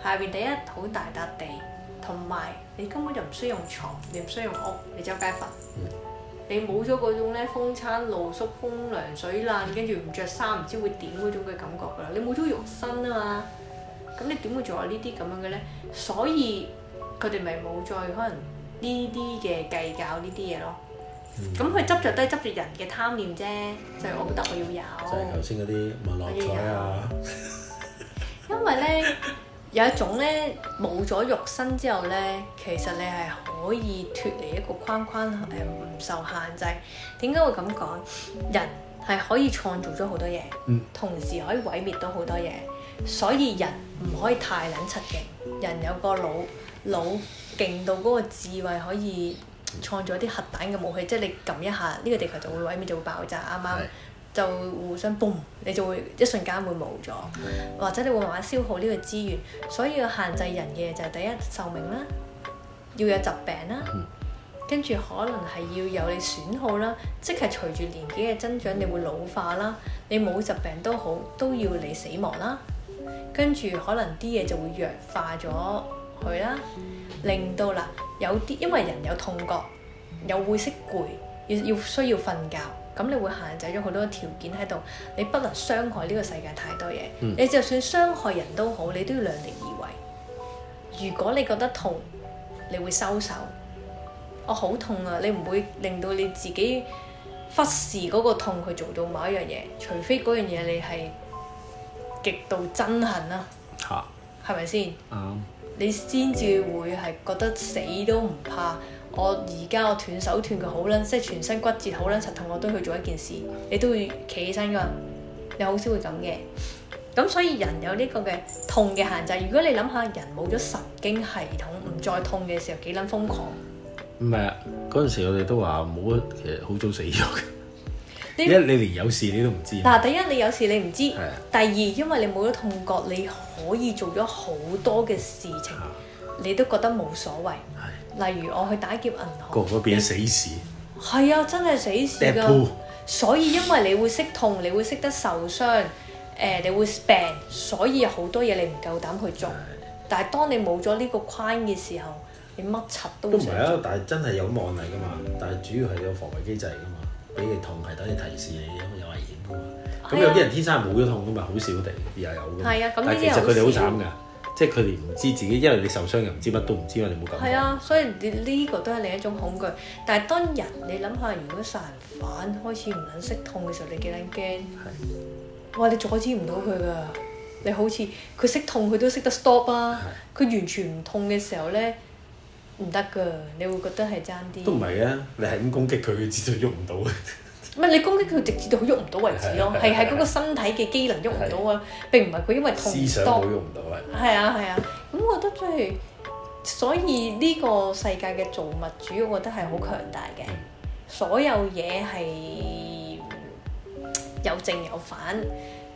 下邊第一，好大笪地，同埋你根本就唔需要用床，你唔需要用屋，你走街瞓。你冇咗嗰種咧風餐露宿、風涼水冷，跟住唔着衫唔知會點嗰種嘅感覺啦。你冇咗肉身啊嘛。咁你點會做啊呢啲咁樣嘅咧？所以佢哋咪冇再可能呢啲嘅計較呢啲嘢咯。咁佢執著都係執住人嘅貪念啫，嗯、就係我覺得我要有。即係頭先嗰啲文落菜啊。哎、呀 [laughs] 因為咧有一種咧冇咗肉身之後咧，其實你係可以脫離一個框框誒，唔、呃、受限制。點解會咁講？人係可以創造咗好多嘢，嗯、同時可以毀滅到好多嘢。所以人唔可以太撚出勁。人有個腦，腦勁到嗰個智慧可以創造啲核彈嘅武器，即係你撳一下呢、這個地球就會毀滅，就會爆炸。啱啱的、啊、就會互相嘣，你就會一瞬間會冇咗，的或者你會慢慢消耗呢個資源。所以要限制人嘅就係第一壽命啦，要有疾病啦，嗯、跟住可能係要有你損耗啦，即係隨住年紀嘅增長，你會老化啦。你冇疾病都好，都要你死亡啦。跟住可能啲嘢就會弱化咗佢啦，令到嗱，有啲，因為人有痛覺，又會識攰，要要需要瞓覺，咁你會限制咗好多條件喺度，你不能傷害呢個世界太多嘢，嗯、你就算傷害人都好，你都要量力而為。如果你覺得痛，你會收手。我、哦、好痛啊，你唔會令到你自己忽視嗰個痛去做到某一樣嘢，除非嗰樣嘢你係。極度憎恨啊，嚇、啊，係咪先？嗯、你先至會係覺得死都唔怕。我而家我斷手斷腳好啦，即係全身骨折好啦，實痛，我都去做一件事，你都會企起身㗎。你好少會咁嘅。咁所以人有呢個嘅痛嘅限制。如果你諗下人冇咗神經系統唔再痛嘅時候幾撚瘋狂？唔係啊，嗰陣時我哋都話冇，其實好早死咗。一你連有事你都唔知。嗱，第一你有事你唔知，的第二因為你冇咗痛覺，你可以做咗好多嘅事情，的你都覺得冇所謂。的例如我去打劫銀行，嗰邊死侍。係啊你，真係死侍㗎。Deadpool 所以因為你會識痛，你會識得受傷，誒、呃，你會病，所以好多嘢你唔夠膽去做。的但係當你冇咗呢個框嘅時候，你乜柒都做～都唔係啊！但係真係有案例㗎嘛？但係主要係有防衞機制㗎嘛？俾你痛係等於提示你有危險㗎嘛，咁、啊、有啲人天生冇咗痛㗎嘛，好少啲又有嘅。係啊，咁其實佢哋好慘㗎，即係佢哋唔知自己，因為你受傷又唔知乜都唔知啊，你冇感覺。係啊，所以你呢、呢個都係另一種恐懼，但係當人你諗下，如果殺人犯開始唔肯識痛嘅時候，你幾撚驚？係的，哇！你阻止唔到佢㗎，你好似佢識痛，佢都識得 stop 啊，佢的完全唔痛嘅時候咧。唔得㗎，你會覺得係爭啲。都唔係啊！你係咁攻擊佢，佢直接喐唔到啊！唔係你攻擊佢，直至到佢喐唔到為止咯，係喺嗰個身體嘅機能喐唔到啊！並唔係佢因為痛多。思想都喐唔到啊！係啊係啊，咁我覺得即係，所以呢個世界嘅造物主，我覺得係好強大嘅。所有嘢係有正有反，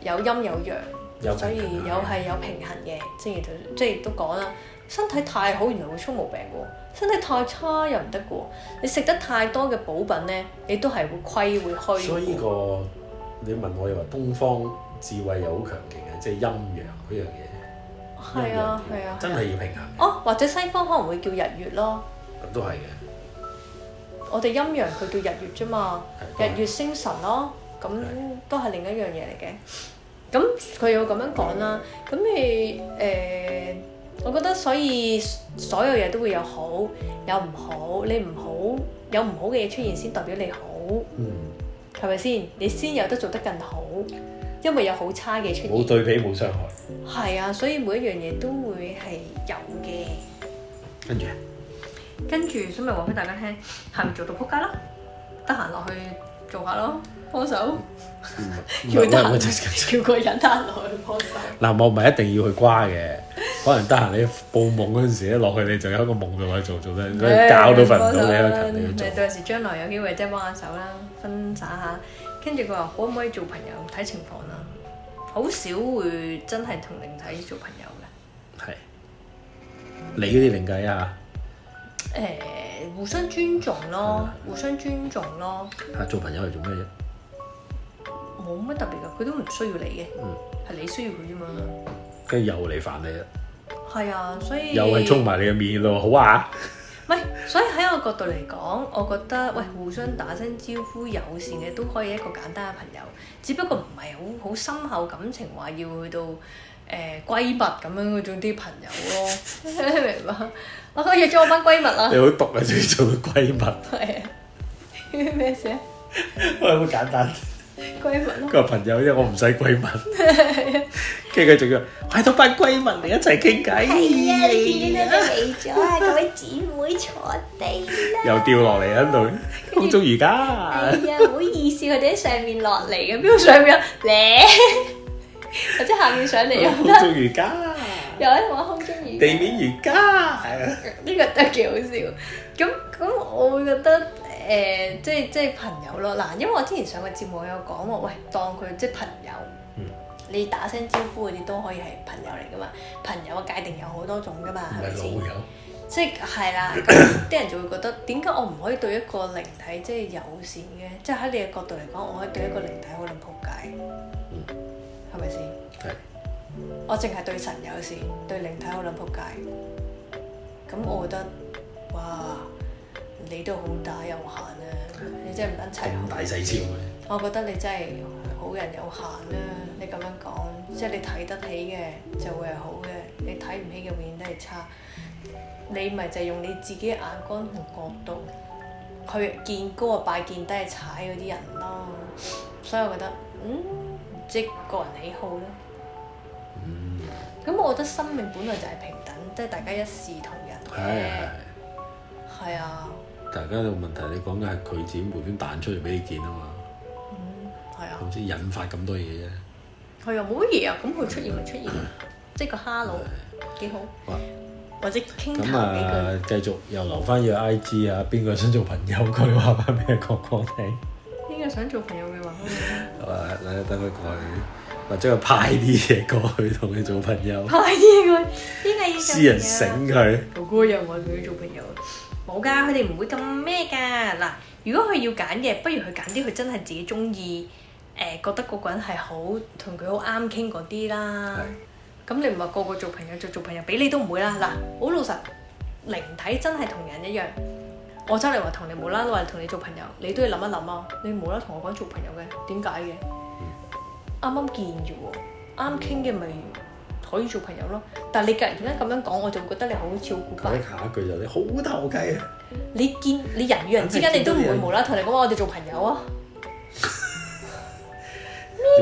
有陰有陽，有所以有係有平衡嘅。即係即係都講啦。身體太好原來會出毛病喎，身體太差又唔得嘅喎。你食得太多嘅補品咧，你都係會虧會虛。所以呢、個你問我又話東方智慧又好強勁嘅，即係陰陽呢樣嘢，係啊係啊，啊啊真係要平衡。哦、啊，或者西方可能會叫日月咯，都係嘅。我哋陰陽佢叫日月啫嘛、啊，日月星辰咯，咁、啊嗯、都係另一樣嘢嚟嘅。咁佢又咁樣講啦，咁、啊、你誒？呃我覺得所以所有嘢都會有好有唔好，你唔好有唔好嘅嘢出現先代表你好，係咪先？你先有得做得更好，因為有好差嘅出現。冇對比冇傷害。係啊，所以每一樣嘢都會係有嘅。跟住著，跟住，想咪話俾大家聽，係咪做到仆街啦？得閒落去做下咯，幫手。 [laughs] 要得空我真、就是、叫個人得閒落去幫手。嗱，我唔係一定要去瓜嘅。可能得閒你報夢嗰陣時一落去，你就有一個夢就喺度做，做咧，所教到份到你喺度到時將來有機會即係幫下手啦，分散下，跟住佢話可唔可以做朋友，睇情況啦。好少會真係同靈體做朋友嘅。係。你嗰啲靈計啊？誒、哎，互相尊重咯，的互相尊重咯。吓、啊，做朋友係做咩嘢？冇乜特別噶，佢都唔需要你嘅、嗯嗯。嗯。係你需要佢啫嘛。跟住又嚟煩你啦？係啊，所以又係衝埋你嘅面咯，好啊。唔 [laughs] 係，所以喺我角度嚟講，我覺得喂，互相打聲招呼友善嘅，都可以一個簡單嘅朋友，只不過唔係好好深厚感情話要去到誒閨蜜咁樣嗰種啲朋友咯，你明唔明 [laughs] 我可以約咗我班閨蜜啦。 [laughs] 你好毒啊！做做閨蜜都係咩事啊？我好 [laughs] 簡單。閨蜜咯，佢話朋友，因為我唔使閨蜜。跟住佢仲要喺到班閨蜜嚟一齊傾偈。係 [laughs] 啊，見見你都嚟咗啊，各位姊妹坐地啦。又掉落嚟喺度，空中瑜伽。係啊、 [laughs] 哎，唔好意思，佢哋喺上面落嚟嘅，邊度上面咧？或 [laughs] 者下面上嚟？ [laughs] 空中瑜伽。 [laughs] 又喺我空中瑜伽。地面瑜伽。呢 [laughs] 個都幾好笑。咁咁，我會覺得。誒、呃，即係即係朋友咯。嗱，因為我之前上個節目有講喎，喂，當佢即係朋友，嗯、你打聲招呼嗰啲都可以係朋友嚟㗎嘛。朋友嘅界定有好多種㗎嘛，係咪？友即係係啦，咁啲人就會覺得點解 [coughs] 我唔可以對一個靈體即係友善嘅？即係喺你嘅角度嚟講，我可以對一個靈體好撚仆街，係咪先？係。嗯、我淨係對神友善，對靈體好撚仆街。咁我覺得，哇！你都好打有限啊！你真係唔得齊咁大細超、啊、我覺得你真係好人有限啦、啊。你咁樣講，即係你睇得起嘅就會係好嘅，你睇唔起嘅永遠都係差。你咪就係用你自己嘅眼光同角度，去見高啊，拜見低踩嗰啲人咯、啊。所以我覺得，嗯，即係個人喜好啦。咁、嗯、我覺得生命本來就係平等，即係大家一視同仁嘅。係啊。大家有問題，你講嘅係佢自己無端彈出嚟俾你見啊嘛，係、嗯、啊，咁先引發咁多嘢啫。係啊，冇乜嘢啊，咁佢出現咪 [laughs] 出現，即係個 hello 的幾好，哇或者傾談幾句。啊、繼續又留翻要 IG 啊，邊個想做朋友？佢話翻俾哥哥聽。邊個想做朋友嘅話，啊，等佢過去，或者佢派啲嘢過去同佢做朋友。派啲嘢佢，啲嘅、啊、私人醒佢。哥哥又唔愛佢做朋友。 [laughs] 冇㗎，佢哋唔會咁咩㗎。嗱，如果佢要揀嘅，不如佢揀啲佢真係自己中意，誒、呃、覺得嗰個人係好同佢好啱傾嗰啲啦。咁、嗯、你唔係個個做朋友就做，做朋友，俾你都唔會啦。嗱，好老實，靈體真係同人一樣。我真係話同你冇啦啦話同你做朋友，你都要諗一諗啊！你冇啦同我講做朋友嘅，點解嘅？啱啱見住喎，啱傾嘅咪。可以做朋友咯，但係你嘅點解咁樣講？我就覺得你好照顧。我下一句就你好投契啊！你見你人與人之間，你都唔會無啦啦同你講我哋做朋友啊？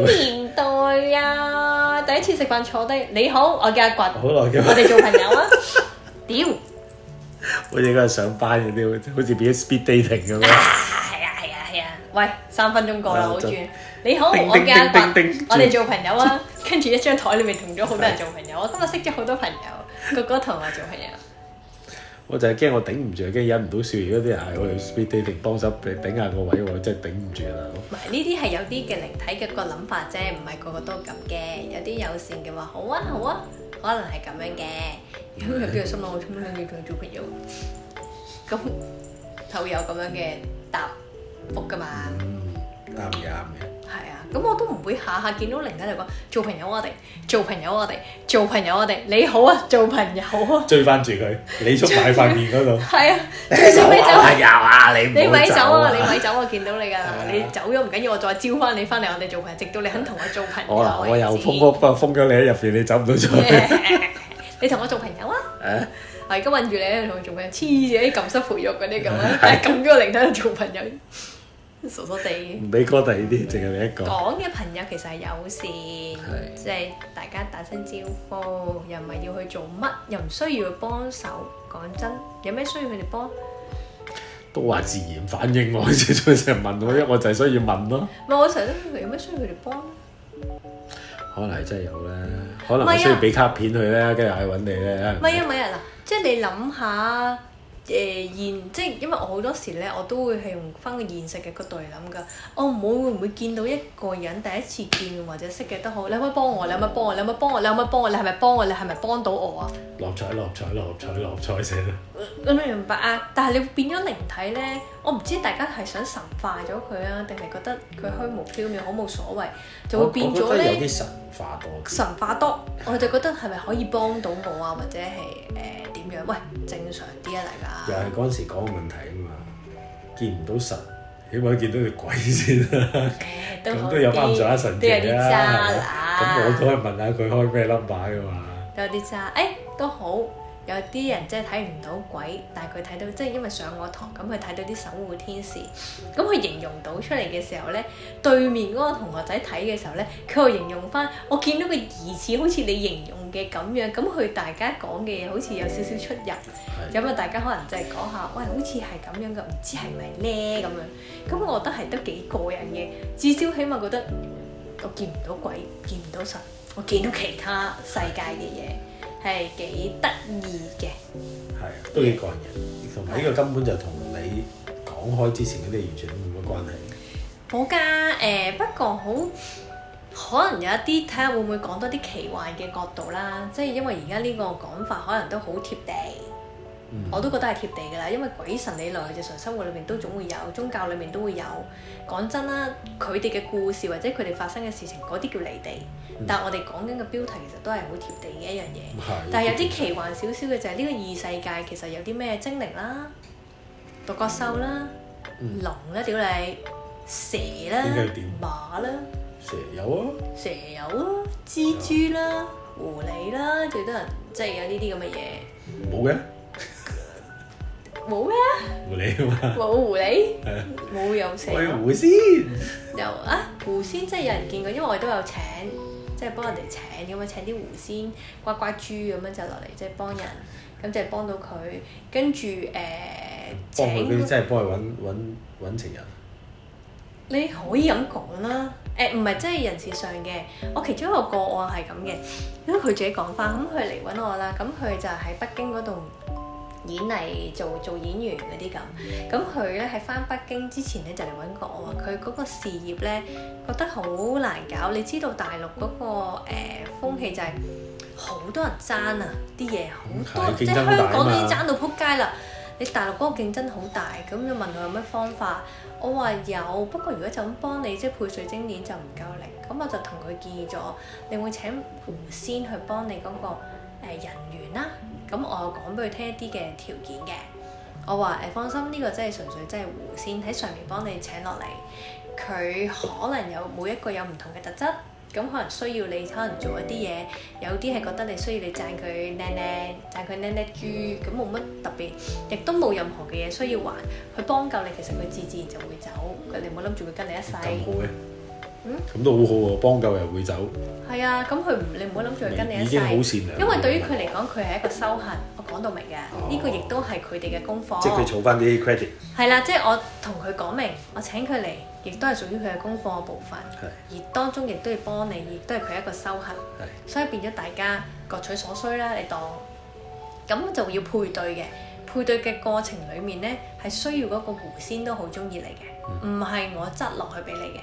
咩樣年代啊？第一次食飯坐低，你好，我叫阿掘，好耐久我哋做朋友啊？屌 [laughs] [laughs] 掉！我依家係上班嘅，啲，好似變咗 speed dating 咁啊！係啊係啊係啊！喂，三分鐘過啦，好轉、哎呀。遠你好，我嘅阿伯，我哋做朋友啊，跟住一張枱裏面同咗好多人做朋友，我今日識咗好多朋友，個個同我做朋友。我就係驚我頂唔住，驚忍唔到笑。如果啲人係我哋 speed dating 幫手，頂下個位，我真係頂唔住啦。唔係呢啲係有啲嘅靈體嘅個諗法啫，唔係個個都咁嘅，有啲友善嘅話，好啊好啊，可能係咁樣嘅。有啲人心諗，我做乜你要同佢做朋友？咁，佢會有咁樣嘅答覆㗎嘛？啱嘅，啱嘅。咁我都唔會下下見到靈仔就講，做朋友，我哋做朋友，我哋做朋友，我哋你好啊，做朋友，追翻住佢，你出埋塊面嗰度？係啊，你咪走啊！你咪走啊！你咪走啊！我見到你㗎，你走咗唔緊要，我再招翻你翻嚟，我哋做朋友，直到你肯同我做朋友。我嗱，我又封封封咗你喺入邊，你走唔到出去。你同我做朋友啊？誒，我而家韞住你喺度同我做朋友，黐住啲撳失培育嗰啲咁啊，撳咗靈仔做朋友。傻傻地，唔俾哥第二啲，淨係你一個。講嘅朋友其實係友善，即係係大家打聲招呼，又唔係要去做乜，又唔需要去幫手。講真，有咩需要佢哋幫？都話自然反應喎，即係成日問我，因為我就係需要問咯。唔係我成日都問，有咩需要佢哋幫？可能真係有咧，可能需要俾卡片佢咧，跟住嗌揾你咧。唔係啊，唔係啊嗱，即係你諗下。誒、呃、現即係因為我好多時咧，我都會係用翻個現實嘅角度嚟諗㗎。我、哦、唔會唔會見到一個人第一次見或者識嘅都好，你可唔可以幫我？你可唔可以幫我？你可唔可以幫我？你可唔可以幫我？你係咪幫我？你係咪幫到我啊？六合彩，六合彩，六合彩，六合彩先啦。明明白啊？但係你會變咗靈體咧。我唔知大家係想神化咗佢啊，定係覺得佢虛無縹緲好冇所謂，就會變咗咧。有啲神化多，神化多，我就覺得係咪可以幫到我啊？或者係誒點樣？喂，正常啲啊，大家。又係嗰陣時講嘅問題啊嘛，見唔到神，起碼見到條鬼先啦、啊。咁都有翻上一層嘅啦。咁我都可以問下佢開咩 number 㗎嘛。有啲渣，哎、欸，都好。有啲人真係睇唔到鬼，但係佢睇到，即係因為上我堂咁，佢睇到啲守護天使，咁佢形容到出嚟嘅時候呢，對面嗰個同學仔睇嘅時候呢，佢又形容翻，我見到個疑似好似你形容嘅咁樣，咁佢大家講嘅嘢好似有少少出入，咁啊、嗯嗯、大家可能就係講下，喂，好似係咁樣噶，唔知係咪咧咁樣，咁我覺得係都幾過癮嘅，至少起碼覺得我見唔到鬼，見唔到神，我見到其他世界嘅嘢。係幾得意嘅，係都幾個人嘅，同呢個根本就同你講開之前嗰啲完全都冇乜關係。冇㗎，誒、呃、不過好可能有一啲睇下會唔會講多啲奇幻嘅角度啦，即係因為而家呢個講法可能都好貼地。嗯、我都覺得係貼地㗎啦，因為鬼神你來日常生活裏面都總會有，宗教裏面都會有。講真啦，佢哋嘅故事或者佢哋發生嘅事情，嗰啲叫離地。嗯、但係我哋講緊嘅標題其實都係好貼地嘅一樣嘢。嗯、但係有啲奇幻少少嘅就係、是、呢、呢個異世界，其實有啲咩精靈啦、獨角獸啦、嗯、龍啦、屌你蛇啦、馬啦、蛇有啊、蛇有啊、蜘蛛啦、有蜘蛛啦、狐狸啦，最多人即係有呢啲咁嘅嘢。冇嘅。冇咩啊？狐狸冇狐狸，冇 [laughs] 有死。喂，狐仙有 [laughs] 啊？狐仙即係有人見過，因為我都有請，即係幫人哋請咁樣，請啲狐仙乖乖豬咁樣就落嚟，即係幫人，咁就係幫到佢。跟住誒，請即係幫佢搵搵情人。你可以咁講啦，誒、欸，唔係即係人事上嘅。我其中一個個案係咁嘅，因為咁佢自己講翻，咁佢嚟搵我啦，咁佢就喺北京嗰度。演藝做做演員嗰啲咁，咁佢咧喺翻北京之前咧就嚟揾過我話，佢嗰個事業咧覺得好難搞。你知道大陸嗰、那個誒、呃、風氣就係好多人爭啊，啲嘢好多，即係香港都已經爭到撲街啦。你大陸嗰個競爭好大，咁就問我有咩方法，我話有，不過如果就咁幫你即係配水晶鏈就唔夠力，咁我就同佢建議咗，你會請狐仙去幫你嗰、那個。誒人緣啦，咁我講俾佢聽一啲嘅條件嘅，我話誒放心，呢個真係純粹真係狐仙，喺上面幫你請落嚟，佢可能有每一個有唔同嘅特質，咁可能需要你可能做一啲嘢，有啲係覺得你需要你贊佢叻叻，贊佢叻叻豬，咁冇乜特別，亦都冇任何嘅嘢需要還，佢幫夠你其實佢自自然就會走，你唔好諗住佢跟你一世。咁都、嗯、好好、啊、喎，幫夠又會走。係啊，咁佢唔你唔好諗住去跟你一齊，已經好善良。因為對於佢嚟講，佢係一個修行。我講到明嘅，呢、哦、個亦都係佢哋嘅功課。即係佢儲翻啲 credit。係啦，即係我同佢講明，我請佢嚟，亦都係屬於佢嘅功課嘅部分。的而當中亦都要幫你，亦都係佢一個修行。的所以變咗大家各取所需啦，你當咁就要配對嘅。配對嘅過程裡面呢，係需要嗰個狐仙都好中意你嘅，唔係、嗯、我執落去俾你嘅。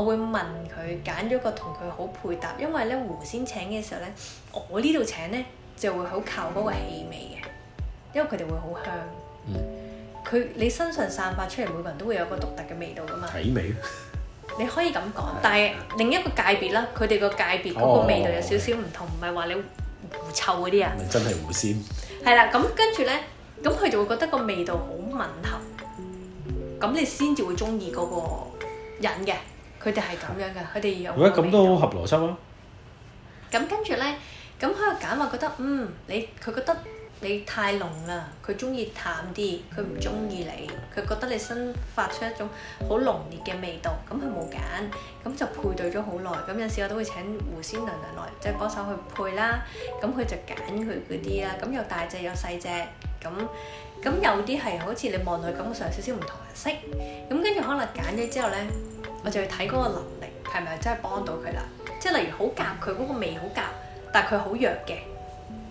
我會問佢揀咗個同佢好配搭，因為咧狐仙請嘅時候咧，我呢度請咧就會好靠嗰個氣味嘅，因為佢哋會好香。嗯。佢你身上散發出嚟，每個人都會有個獨特嘅味道噶嘛。體味你可以咁講，係呀。但係另一個界別啦，佢哋個界別嗰個味道有少少唔同，唔係話你狐臭嗰啲啊。真係狐仙。係啦，咁跟住咧，咁佢就會覺得個味道好吻合，咁你先至會中意嗰個人嘅。佢哋係咁樣嘅，佢哋有咁嘅。唔該，咁都合邏輯啊！咁跟住咧，咁佢又揀話覺得嗯，你佢覺得你太濃啦，佢中意淡啲，佢唔中意你，佢覺得你身發出一種好濃烈嘅味道，咁佢冇揀，咁就配對咗好耐。咁有時我都會請狐仙娘娘來，即係幫手去配啦。咁佢就揀佢嗰啲啦，咁又大隻又細隻，咁咁有啲係好似你望落去感覺上有少少唔同顏色，咁跟住可能揀咗之後咧。我就要睇嗰個能力係咪真係幫到佢啦？即係例如好夾佢嗰個味好夾，但係佢好弱嘅，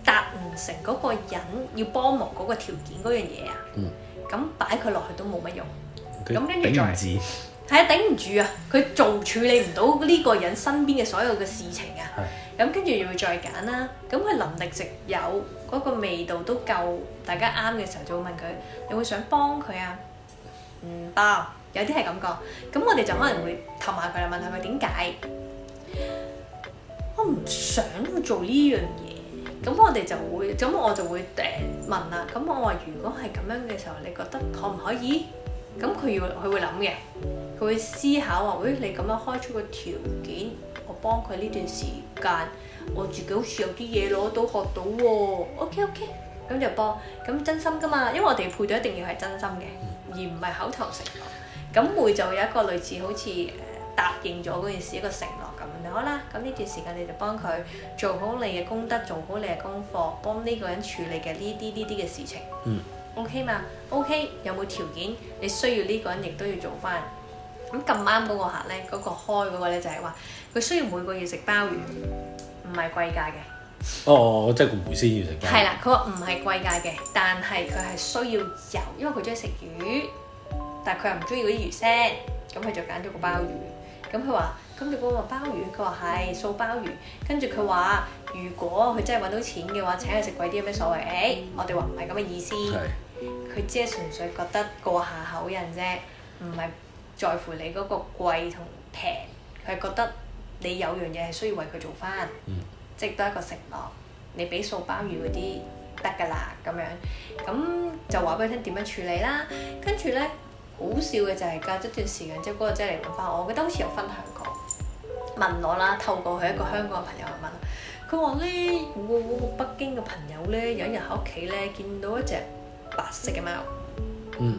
達唔成嗰個人要幫忙嗰個條件嗰樣嘢啊。嗯。咁擺佢落去都冇乜用。佢頂唔住。咁跟住，係啊，頂唔住啊！佢做處理唔到呢個人身邊嘅所有嘅事情啊。係。咁跟住要再揀啦。咁佢能力值有，嗰個味道都夠，大家啱嘅時候就會問佢：你會想幫佢啊？唔包。有啲係咁講，咁我哋就可能會氹下佢啦，問下佢點解我唔想做呢樣嘢。咁我哋就會咁我就會誒問啦。咁我話如果係咁樣嘅時候，你覺得可唔可以？咁佢要佢會諗嘅，佢會思考話：喂、哎，你咁樣開出個條件，我幫佢呢段時間，我自己好似有啲嘢攞到學到喎、哦。OK，OK，咁就幫。咁真心㗎嘛，因為我哋配對一定要係真心嘅，而唔係口頭承諾。咁會就有一個類似好似答應咗嗰件事一個承諾咁樣，好啦。咁呢段時間你就幫佢做好你嘅功德，做好你嘅功課，幫呢個人處理嘅呢啲呢啲嘅事情。嗯。O K 嘛？O K，有冇條件？你需要呢個人亦都要做翻。咁咁啱嗰個客咧，嗰、嗰個開嗰個咧就係話，佢需要每個月食鮑魚，唔係貴價嘅、哦。哦即係個梅先要食。係啦，佢話唔係貴價嘅，但係佢係需要油，因為佢中意食魚。但係佢又唔中意嗰啲魚腥，咁佢就揀咗個鮑魚。咁佢話：咁你估個鮑魚，佢話係素鮑魚。跟住佢話：如果佢真係揾到錢嘅話，請佢食貴啲有咩所謂？誒，我哋話唔係咁嘅意思。佢、嗯、只係純粹覺得過下口癮啫，唔係在乎你嗰個貴同平。佢係覺得你有樣嘢係需要為佢做翻，嗯、即係多一個承諾。你俾素鮑魚嗰啲得㗎啦，咁樣咁就話俾佢聽點樣處理啦。跟住呢。好笑嘅就係隔咗段時間之後，嗰個姐嚟問翻我，我記得好似有分享過問我啦，透過佢一個香港嘅朋友去問。佢話咧，我嗰個北京嘅朋友咧，有一日喺屋企咧見到一隻白色嘅貓，嗯，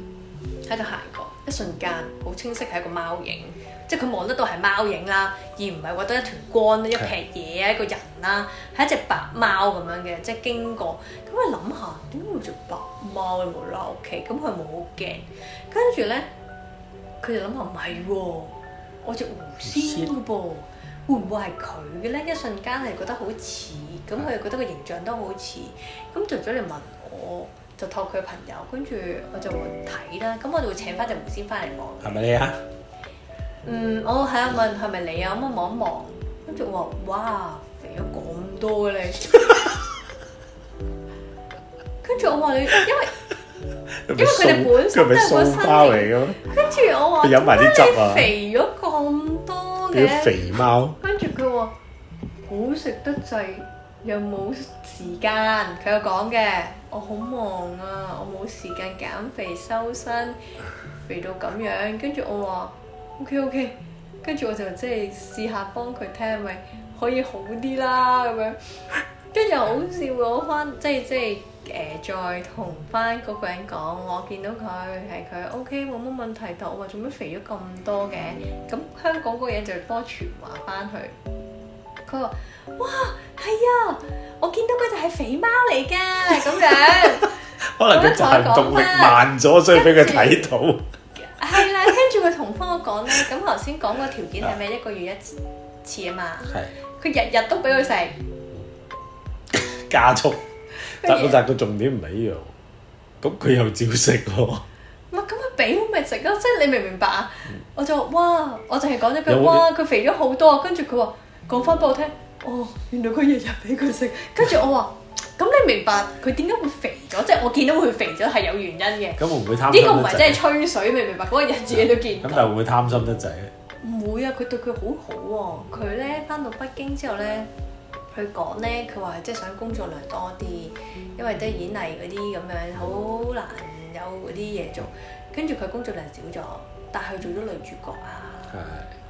喺度行過，一瞬間好清晰係一個貓影，即係佢望得到係貓影啦，而唔係覺得一團光、一撇嘢啊，一個人啦，係一隻白貓咁樣嘅，即係經過。咁佢諗下點會隻白貓會嚟我屋企？咁佢冇好驚。跟住咧，佢就諗下唔係喎，我隻狐仙嘅噃，獻會唔會係佢嘅咧？一瞬間係覺得好似，咁佢又覺得個形象都好似，咁就走嚟問我，就託佢朋友，跟住我就會睇啦，咁我就會，會請翻隻狐仙翻嚟望，係咪你啊？嗯，我喺度問係咪你啊？咁樣望一望，跟住 [laughs] 我話哇肥咗咁多嘅你，跟住我話你因為。 [laughs] [laughs] 因為佢哋本身都係個身嚟咯，跟住、啊、我話，你飲埋啲汁啊，肥咗咁多嘅肥貓，跟住佢話好食得滯，又冇時間，佢又講嘅，我好忙啊，我冇時間減肥收身，肥到咁樣，跟住我話，ok ok，跟住我就即係試下幫佢聽，咪可以好啲啦咁樣。是跟住好笑啊！我翻即係即係誒、呃，再同翻嗰個人講，我見到佢係佢 O K 冇乜問題，到。我話做咩肥咗咁多嘅？咁香港嗰嘢就幫傳話翻去，佢話：哇，係啊，我見到佢就係肥貓嚟㗎咁樣。 [laughs] 可能佢就係動作慢咗，所以俾佢睇到後。係啦， [laughs] 聽住佢同翻我講咧，咁頭先講個條件係咪一個月一次啊嘛。係。 [laughs] 佢日日都俾佢食。加速，摘個摘個重點唔係呢樣。咁佢又照食咯。唔係咁，佢俾我咪食咯，即係你明唔明白啊？我就哇，我就係講咗句哇，佢肥咗好多，跟住佢話講翻俾我聽，哦，原來佢日日俾佢食，跟住我話，咁你明白佢點解會肥咗？即係我見到佢肥咗係有原因嘅。咁、嗯、會唔會貪心？呢個唔係真係吹水，明唔明白？嗰、那個日子你都見。咁、嗯、但係會唔會貪心得滯？唔會啊！佢對佢好好、啊、喎。佢咧翻到北京之後咧。佢講咧，佢話即係想工作量多啲，因為即係演藝嗰啲咁樣好難有嗰啲嘢做。跟住佢工作量少咗，但佢做咗女主角啊，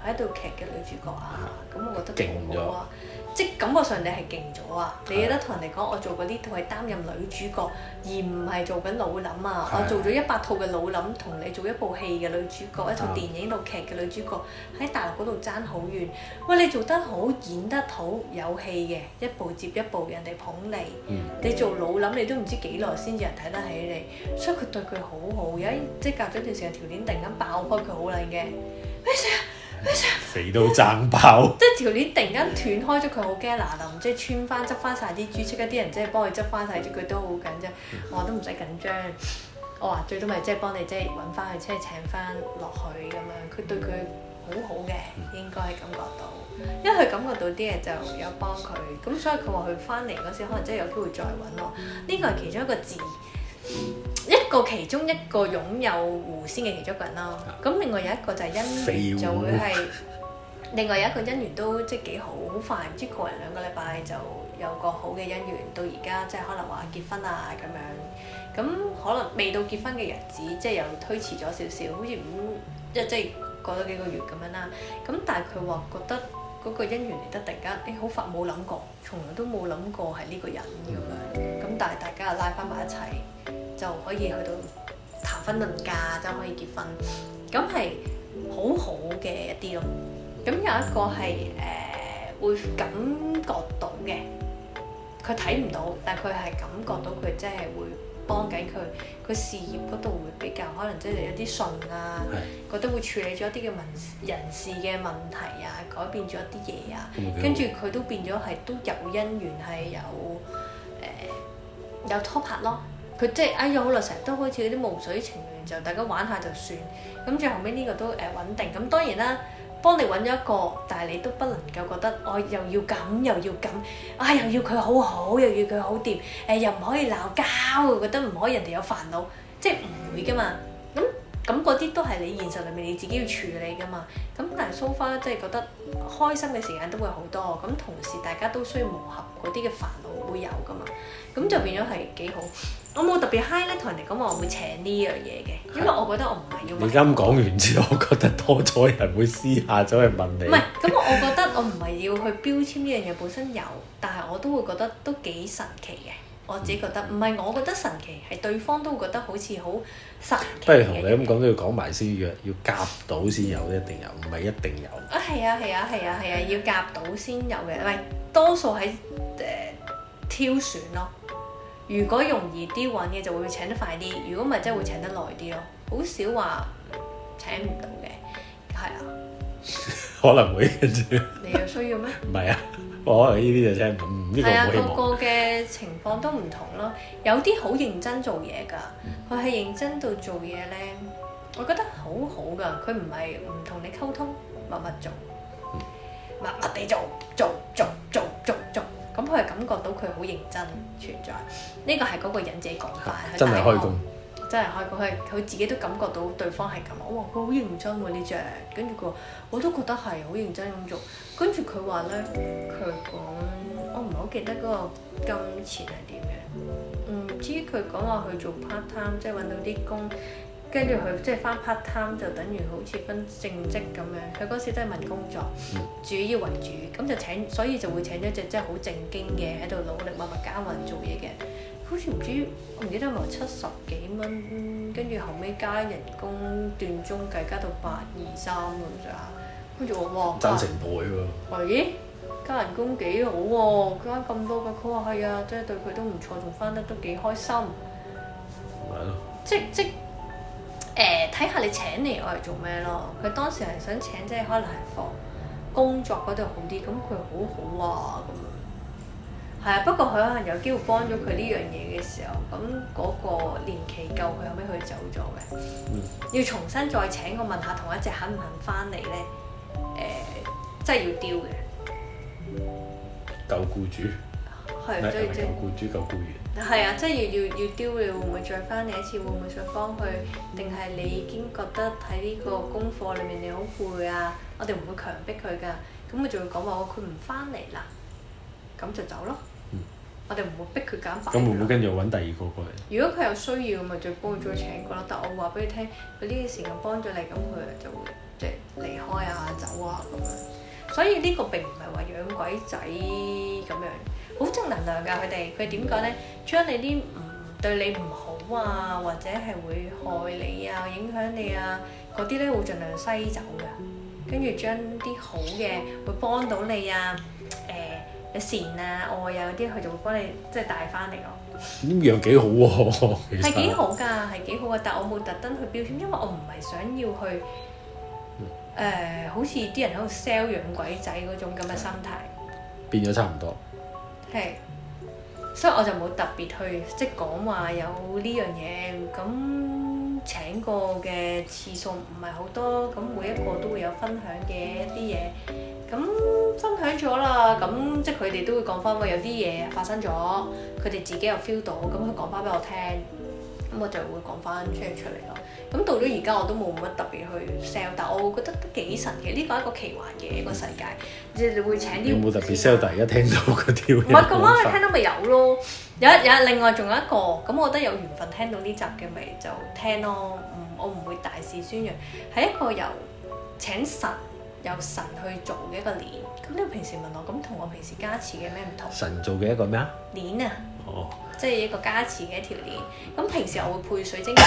喺度的劇嘅女主角啊，咁的、嗯、我覺得好好啊。即感覺上你係勁咗啊！的你有得同人哋講，我做過呢套係擔任女主角，而唔係做緊老諗啊！的我做咗一百套嘅老諗，同你做一部戲嘅女主角，的一套電影、一套劇嘅女主角，喺大陸嗰度爭好遠。喂，你做得好，演得好有戲嘅，一部接一部，人哋捧你。嗯、你做老諗，你都唔知幾耐先至人睇得起你，所以佢對佢好好。而家即係隔咗段時間，條鏈突然間爆開，佢好靚嘅。咩事啊？肥到掙爆！ [laughs] [laughs] 即係條鏈突然間斷開咗，佢好驚嗱臨，即係穿翻執翻晒啲珠出，一啲人即係幫佢執翻曬，佢都好緊張。我話都唔使緊張，我、哦、話最多咪即係幫你即係揾翻佢，即係請翻落去咁樣。佢對佢好好嘅，應該係感覺到，因為佢感覺到啲嘢就有幫佢，咁所以佢話佢翻嚟嗰時可能真係有機會再揾我。呢個係其中一個字。嗯、一個其中一個擁有狐仙嘅其中一個人咯。咁、嗯、另外有一個就係姻緣就會係另外一緣有一個姻緣都即係幾好，好快唔知個人兩個禮拜就有個好嘅姻緣，到而家即係可能話結婚啊，咁樣，咁可能未到結婚嘅日子，即、就、係、是、又推遲咗少少，好似唔即係過咗幾個月咁樣啦，咁但係佢話覺得嗰個姻緣嚟得突然間，誒、欸、好快冇諗過，從來都冇諗過係呢個人咁樣，咁但係大家又拉翻埋一齊。就可以去到談婚論嫁，就可以結婚，咁係好好嘅一啲咯。咁有一個係誒、呃、會感覺到嘅，佢睇唔到，但係佢係感覺到佢即係會幫緊佢。佢事業嗰度會比較可能即係有啲順啊，的覺得會處理咗一啲嘅問人事嘅問題啊，改變咗一啲嘢啊，的跟住佢都變咗係都有姻緣係有誒、呃、有拖拍咯。佢即係哎咗好耐，成日都開始嗰啲露水情緣，就大家玩下就算。咁最後尾呢個都誒、呃、穩定。咁當然啦，幫你搵咗一個，但係你都不能夠覺得我、哎、又要咁又要咁，啊、哎、又要佢好好，又要佢好掂，誒、呃、又唔可以鬧交，又覺得唔可以人哋有煩惱，即係唔會嘅嘛。咁、嗯。咁嗰啲都係你現實裏面你自己要處理噶嘛，咁但係 so far 即係覺得開心嘅時間都會好多，咁同時大家都需要磨合，嗰啲嘅煩惱會有噶嘛，咁就變咗係幾好。我冇特別 high 咧，同人哋講話我會請呢樣嘢嘅，的因為我覺得我唔係要係。你啱講完之後，我覺得多咗人會私下走去問你。唔係， [laughs] 咁我覺得我唔係要去標籤呢樣嘢本身有，但係我都會覺得都幾神奇嘅。我自己覺得唔係、嗯、我覺得神奇，係對方都會覺得好似好。不如同你咁講都要講埋先，約要夾到先有，一定有，唔係一定有。啊，係啊，係啊，係啊，係啊，要夾到先有嘅，喂，多數係誒挑選咯。如果容易啲揾嘅就會請得快啲，如果唔係真會請得耐啲咯。好少話請唔到嘅，係啊。 [laughs] 可能會跟住。你有需要咩？唔係 [laughs] 啊。哦，就是嗯、這個，我可能呢啲就聽唔，呢啲我係啊，個個嘅情況都唔同咯，有啲好認真做嘢㗎，佢係、嗯、認真到做嘢咧，我覺得好好㗎。佢唔係唔同你溝通，默默做，默默、嗯、地做，做做做做做，咁佢係感覺到佢好認真存在。呢、這個係嗰個忍者講法，是真係開工。真係開過去，佢自己都感覺到對方係咁，我話佢好認真喎呢隻，跟住佢我都覺得係好認真咁做。跟住佢話咧，佢講我唔係好記得嗰個金錢係點樣，唔知佢講話去做 part time，即係揾到啲工，跟住佢即係返 part time 就等於好似分正職咁樣。佢嗰時都係問工作，嗯、主要為主，咁就請，所以就會請咗隻即係好正經嘅喺度努力默默耕耘做嘢嘅。好似唔知，嗯、我唔記得係咪七十幾蚊，跟、嗯、住後尾加人工，段中計加到八二三咁上下。我話喎，爭成倍喎、啊。話咦、哎，加人工幾好喎？佢揀咁多嘅 call，係啊，即係、啊、對佢都唔錯，仲翻得都幾開心。唔係咯。即即誒，睇、呃、下你請嚟我嚟做咩咯？佢當時係想請，即係可能係工作嗰度好啲，咁佢好好啊咁。係啊，不過佢可能有機會幫咗佢呢樣嘢嘅時候，咁嗰個年期夠，佢後尾佢走咗嘅。嗯。要重新再請我問下同一隻肯唔肯翻嚟咧？誒、呃，即係要丟嘅。舊僱主。係對，即係、即係、僱主舊僱員。係啊，即係要要要丟你會唔會再翻嚟一次？會唔會再幫佢？定係你已經覺得喺呢個功課裡面你好攰啊？我哋唔會強迫佢㗎。咁佢仲會講話，佢唔翻嚟啦。咁就走咯。嗯。我哋唔會逼佢揀。咁會唔會跟住揾第二個過嚟？如果佢有需要，咪再幫佢再請個咯。嗯、但我話俾佢聽，佢呢啲事咁幫咗你，咁佢就會即係離開啊、走啊咁樣。所以呢個並唔係話養鬼仔咁樣，好正能量㗎佢哋。佢點講咧？將你啲唔對你唔好啊，或者係會害你啊、影響你啊嗰啲咧，會盡量篩走㗎。跟住將啲好嘅會幫到你啊，誒、呃。你善啊，我有啲，佢就會幫你，即係帶翻嚟咯。咁樣幾好喎、啊？係幾好㗎？係幾好㗎？但我冇特登去標籤，因為我唔係想要去誒、嗯呃，好似啲人喺度 sell 養鬼仔嗰種咁嘅心態。嗯、變咗差唔多。係，所以我就冇特別去即係講話有呢樣嘢。咁請過嘅次數唔係好多，咁每一個都會有分享嘅一啲嘢。咁。分享咗啦，咁即係佢哋都會講翻喎。有啲嘢發生咗，佢哋自己又 feel 到，咁佢講翻俾我聽，咁我就會講翻 share 出嚟咯。咁到咗而家我都冇乜特別去 sell，但我會覺得幾神奇。呢、這個係一個奇幻嘅一、這個世界。即係會請啲冇特別 sell，但係一聽到嗰啲唔係咁啱，一不法、啊、聽到咪有咯。有有，有另外仲有一個，咁我覺得有緣分聽到呢集嘅咪就聽咯。唔我唔會大肆宣揚，係一個由請神。由神去做嘅一個鏈，咁你平時問我，咁同我平時加持嘅咩唔同？神做嘅一個咩啊？鏈啊！哦，即係一個加持嘅一條鏈。咁平時我會配水晶，咁、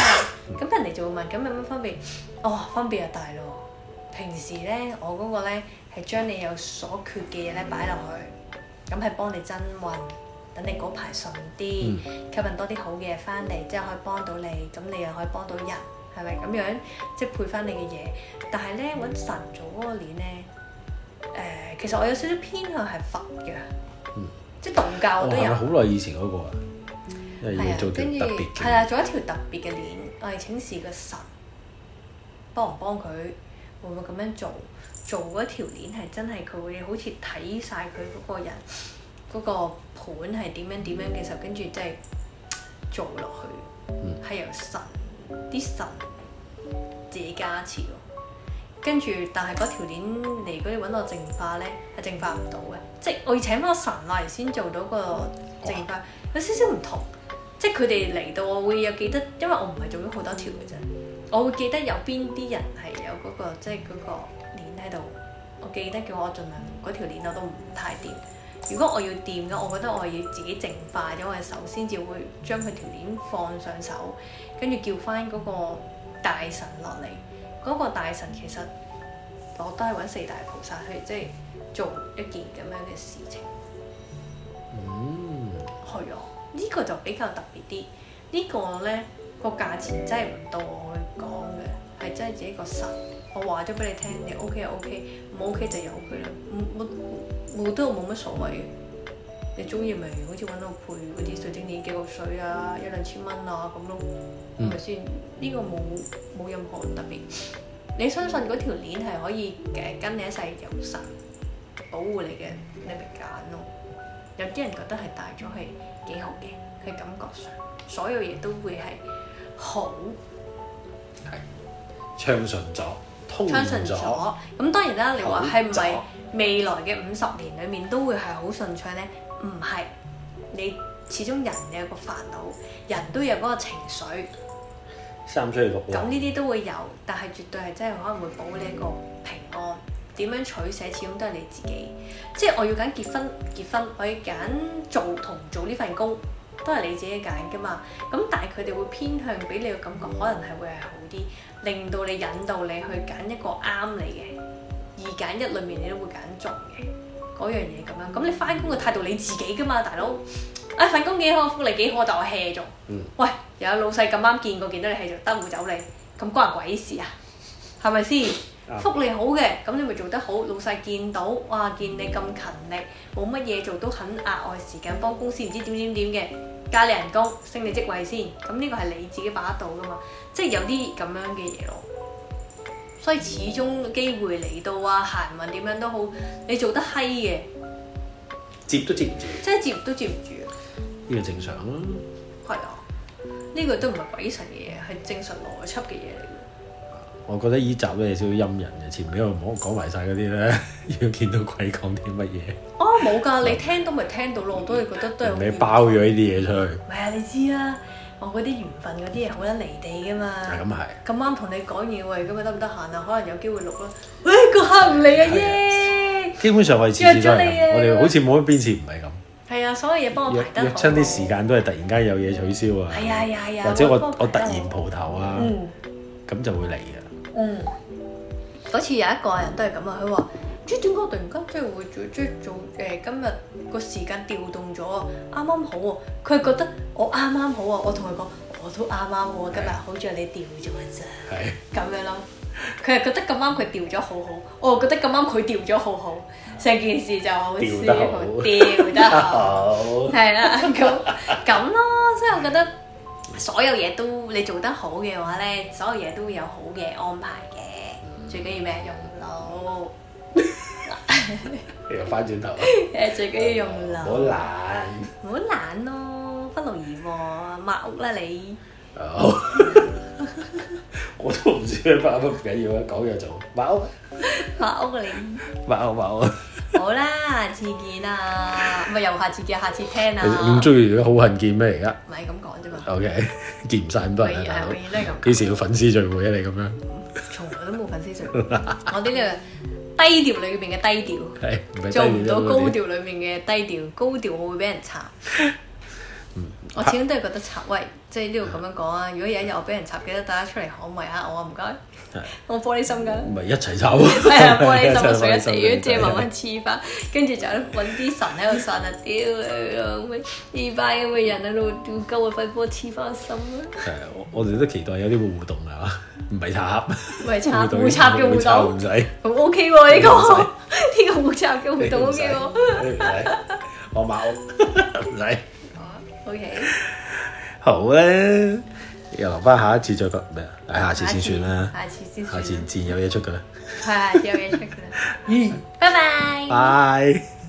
嗯、人哋就會問，咁有乜分別？哦，分別又大咯。平時咧，我嗰個咧係將你有所缺嘅嘢咧擺落去，咁係幫你增運，等你嗰排順啲，嗯、吸引多啲好嘢翻嚟，即係可以幫到你，咁你又可以幫到，到人。係咪咁樣，即係配翻你嘅嘢？但係咧揾神做嗰個鏈咧，誒、呃，其實我有少少偏向係佛嘅，嗯、即係道教我都有。好耐、哦、以前嗰、嗰個，嗯、因為要做條、啊、后特係啊，做一條特別嘅鏈，我哋請示個神，幫唔幫佢？會唔會咁樣做？做嗰條鏈係真係佢會好似睇晒佢嗰個人嗰、嗰個盤係點樣點樣嘅時候，跟住即係做落去，係由神。啲神自己加持咯，跟住但係嗰條鏈嚟嗰啲搵我淨化咧，係淨化唔到嘅。即係我要請返個神嚟先做到個淨化，哇有少少唔同，即係佢哋嚟到我會有記得，因為我唔係做咗好多條嘅啫，我會記得有邊啲人係有嗰個即係嗰個鏈喺度，我記得叫我盡量嗰條鏈我都唔太掂。如果我要掂嘅，我覺得我要自己淨化咗我手先至會將佢條鏈放上手，跟住叫翻嗰個大神落嚟。嗰、那個大神其實我都係搵四大菩薩去，即、就、係、是、做一件咁樣嘅事情。嗯，係啊，呢、這個就比較特別啲。這個、呢個咧個價錢真係唔到我去講嘅，係真係自己個神。我話咗俾你聽，你 OK 就 OK，唔 OK 就由佢啦。我我都冇乜所謂。你中意咪好似揾我配嗰啲水晶鏈幾個水啊，一兩千蚊啊咁咯，咪先？呢、嗯呢個冇冇任何特別。你相信嗰條鏈係可以誒跟你一齊遊神，保護你嘅，你咪揀咯。有啲人覺得係大咗係幾好嘅，係感覺上，所有嘢都會係好。係暢是順咗。暢順咗，咁當然啦。你話係唔係未來嘅五十年裏面都會係好順暢咧？唔係，你始終人有個煩惱，人都有個情緒。咁呢啲都會有，但係絕對係真係可能會保你一個平安。點樣取捨，始終都係你自己。即係我要揀結婚，結婚；我要揀做同做呢份工，都係你自己揀㗎嘛。咁但係佢哋會偏向俾你嘅感覺，可能係會係好。令到你引導你去揀一個啱你嘅二揀一裏面，你都會揀做嘅嗰樣嘢咁樣。咁你翻工嘅態度你自己噶嘛，大佬啊，份工幾好，福利幾好，但我 hea 咗。嗯、喂，有老細咁啱見過，見到你 hea 咗，蹬門走你，咁關人鬼事啊？係咪先？嗯、福利好嘅，咁你咪做得好，老細見到哇，見你咁勤力，冇乜嘢做都肯額外時間幫公司唔知點點點嘅加你人工升你職位先。咁呢個係你自己把握到噶嘛。即係有啲咁樣嘅嘢咯，所以始終機會嚟到啊，行運點樣都好，你做得閪嘅，接都接唔住，即係接都接唔住、啊，呢個正常咯。係啊，呢、嗯呢個都唔係鬼神嘅嘢，係正常邏輯嘅嘢嚟嘅。我覺得依集咧少少陰人嘅，前面我唔好講埋晒嗰啲咧， [laughs] 要見到鬼講啲乜嘢。哦，冇㗎，你聽都咪聽到咯， [laughs] 我都係覺得都係。你包咗呢啲嘢出去。唔係啊，你知啦、啊。我嗰啲緣分嗰啲嘢好得離地㗎嘛，咁咁啱同你講嘢，喂，而家得唔得閒啊？可能有機會錄咯。喂、哎，個客唔嚟啊啫，耶基本上我哋次次都係，我哋好似冇乜邊次唔係咁。係啊，所有嘢幫我排得。約親啲時間都係突然間有嘢取消啊，或者我 [music] 我突然蒲頭啊，咁、嗯嗯、就會嚟嘅。嗯，嗰次有一個人都係咁啊，佢話。即係點講？突然間即係會做，即做誒、欸，今日個時間調動咗，啱啱好啊！佢係覺得我啱啱好啊！我同佢講，我都啱啱好啊！今日好似你調咗啫，咁樣咯。佢係覺得咁啱佢調咗好好，我又的覺得咁啱佢調咗好好，成件事就好似佢，調 [laughs] 得好，係啦， [laughs] [laughs] 咁咁咯。所以我覺得所有嘢都你做得好嘅話咧，所有嘢都會有好嘅安排嘅。最緊要咩？用腦。又翻轉頭，誒，最緊要用懶，好懶，好懶咯，不勞而獲，抹屋啦你，我都唔知你抹屋唔緊要啊，講嘢做，抹屋，抹屋你，抹屋抹屋，好啦，下次見啊，咪，又下次見，下次聽啊，咁中意都好恨見咩而家？唔係咁講啫嘛，OK，見唔晒咁多，永遠係永遠都係咁，幾時要粉絲聚會啊你咁樣，從來都冇粉絲聚會，我啲咧。低調裏面嘅低調，係係，低調做唔到高調裏面嘅低調。高調我會畀人查。 [laughs] 我始終都係覺得插，喂，即係呢度咁樣講啊！如果有一日我俾人插幾多大家出嚟，可唔可以嚇我啊，唔該，我玻璃心噶。唔係一齊插。係啊，玻璃心，我想要地獄姐慢慢黐翻，跟住就揾啲神喺度又神一啲，呢班咁嘅人喺度都夠我分黐次翻個心啦。係啊，我哋都期待有啲互動啊，唔係插。唔係插，互插嘅互動唔使。OK 喎呢個，呢個互插嘅互動我冇唔使。OK，好啦，又留翻下一次再講咩啊？下次先算啦，下次先，下次自然有嘢出㗎啦，下次有嘢出㗎啦，嗯，拜拜，拜。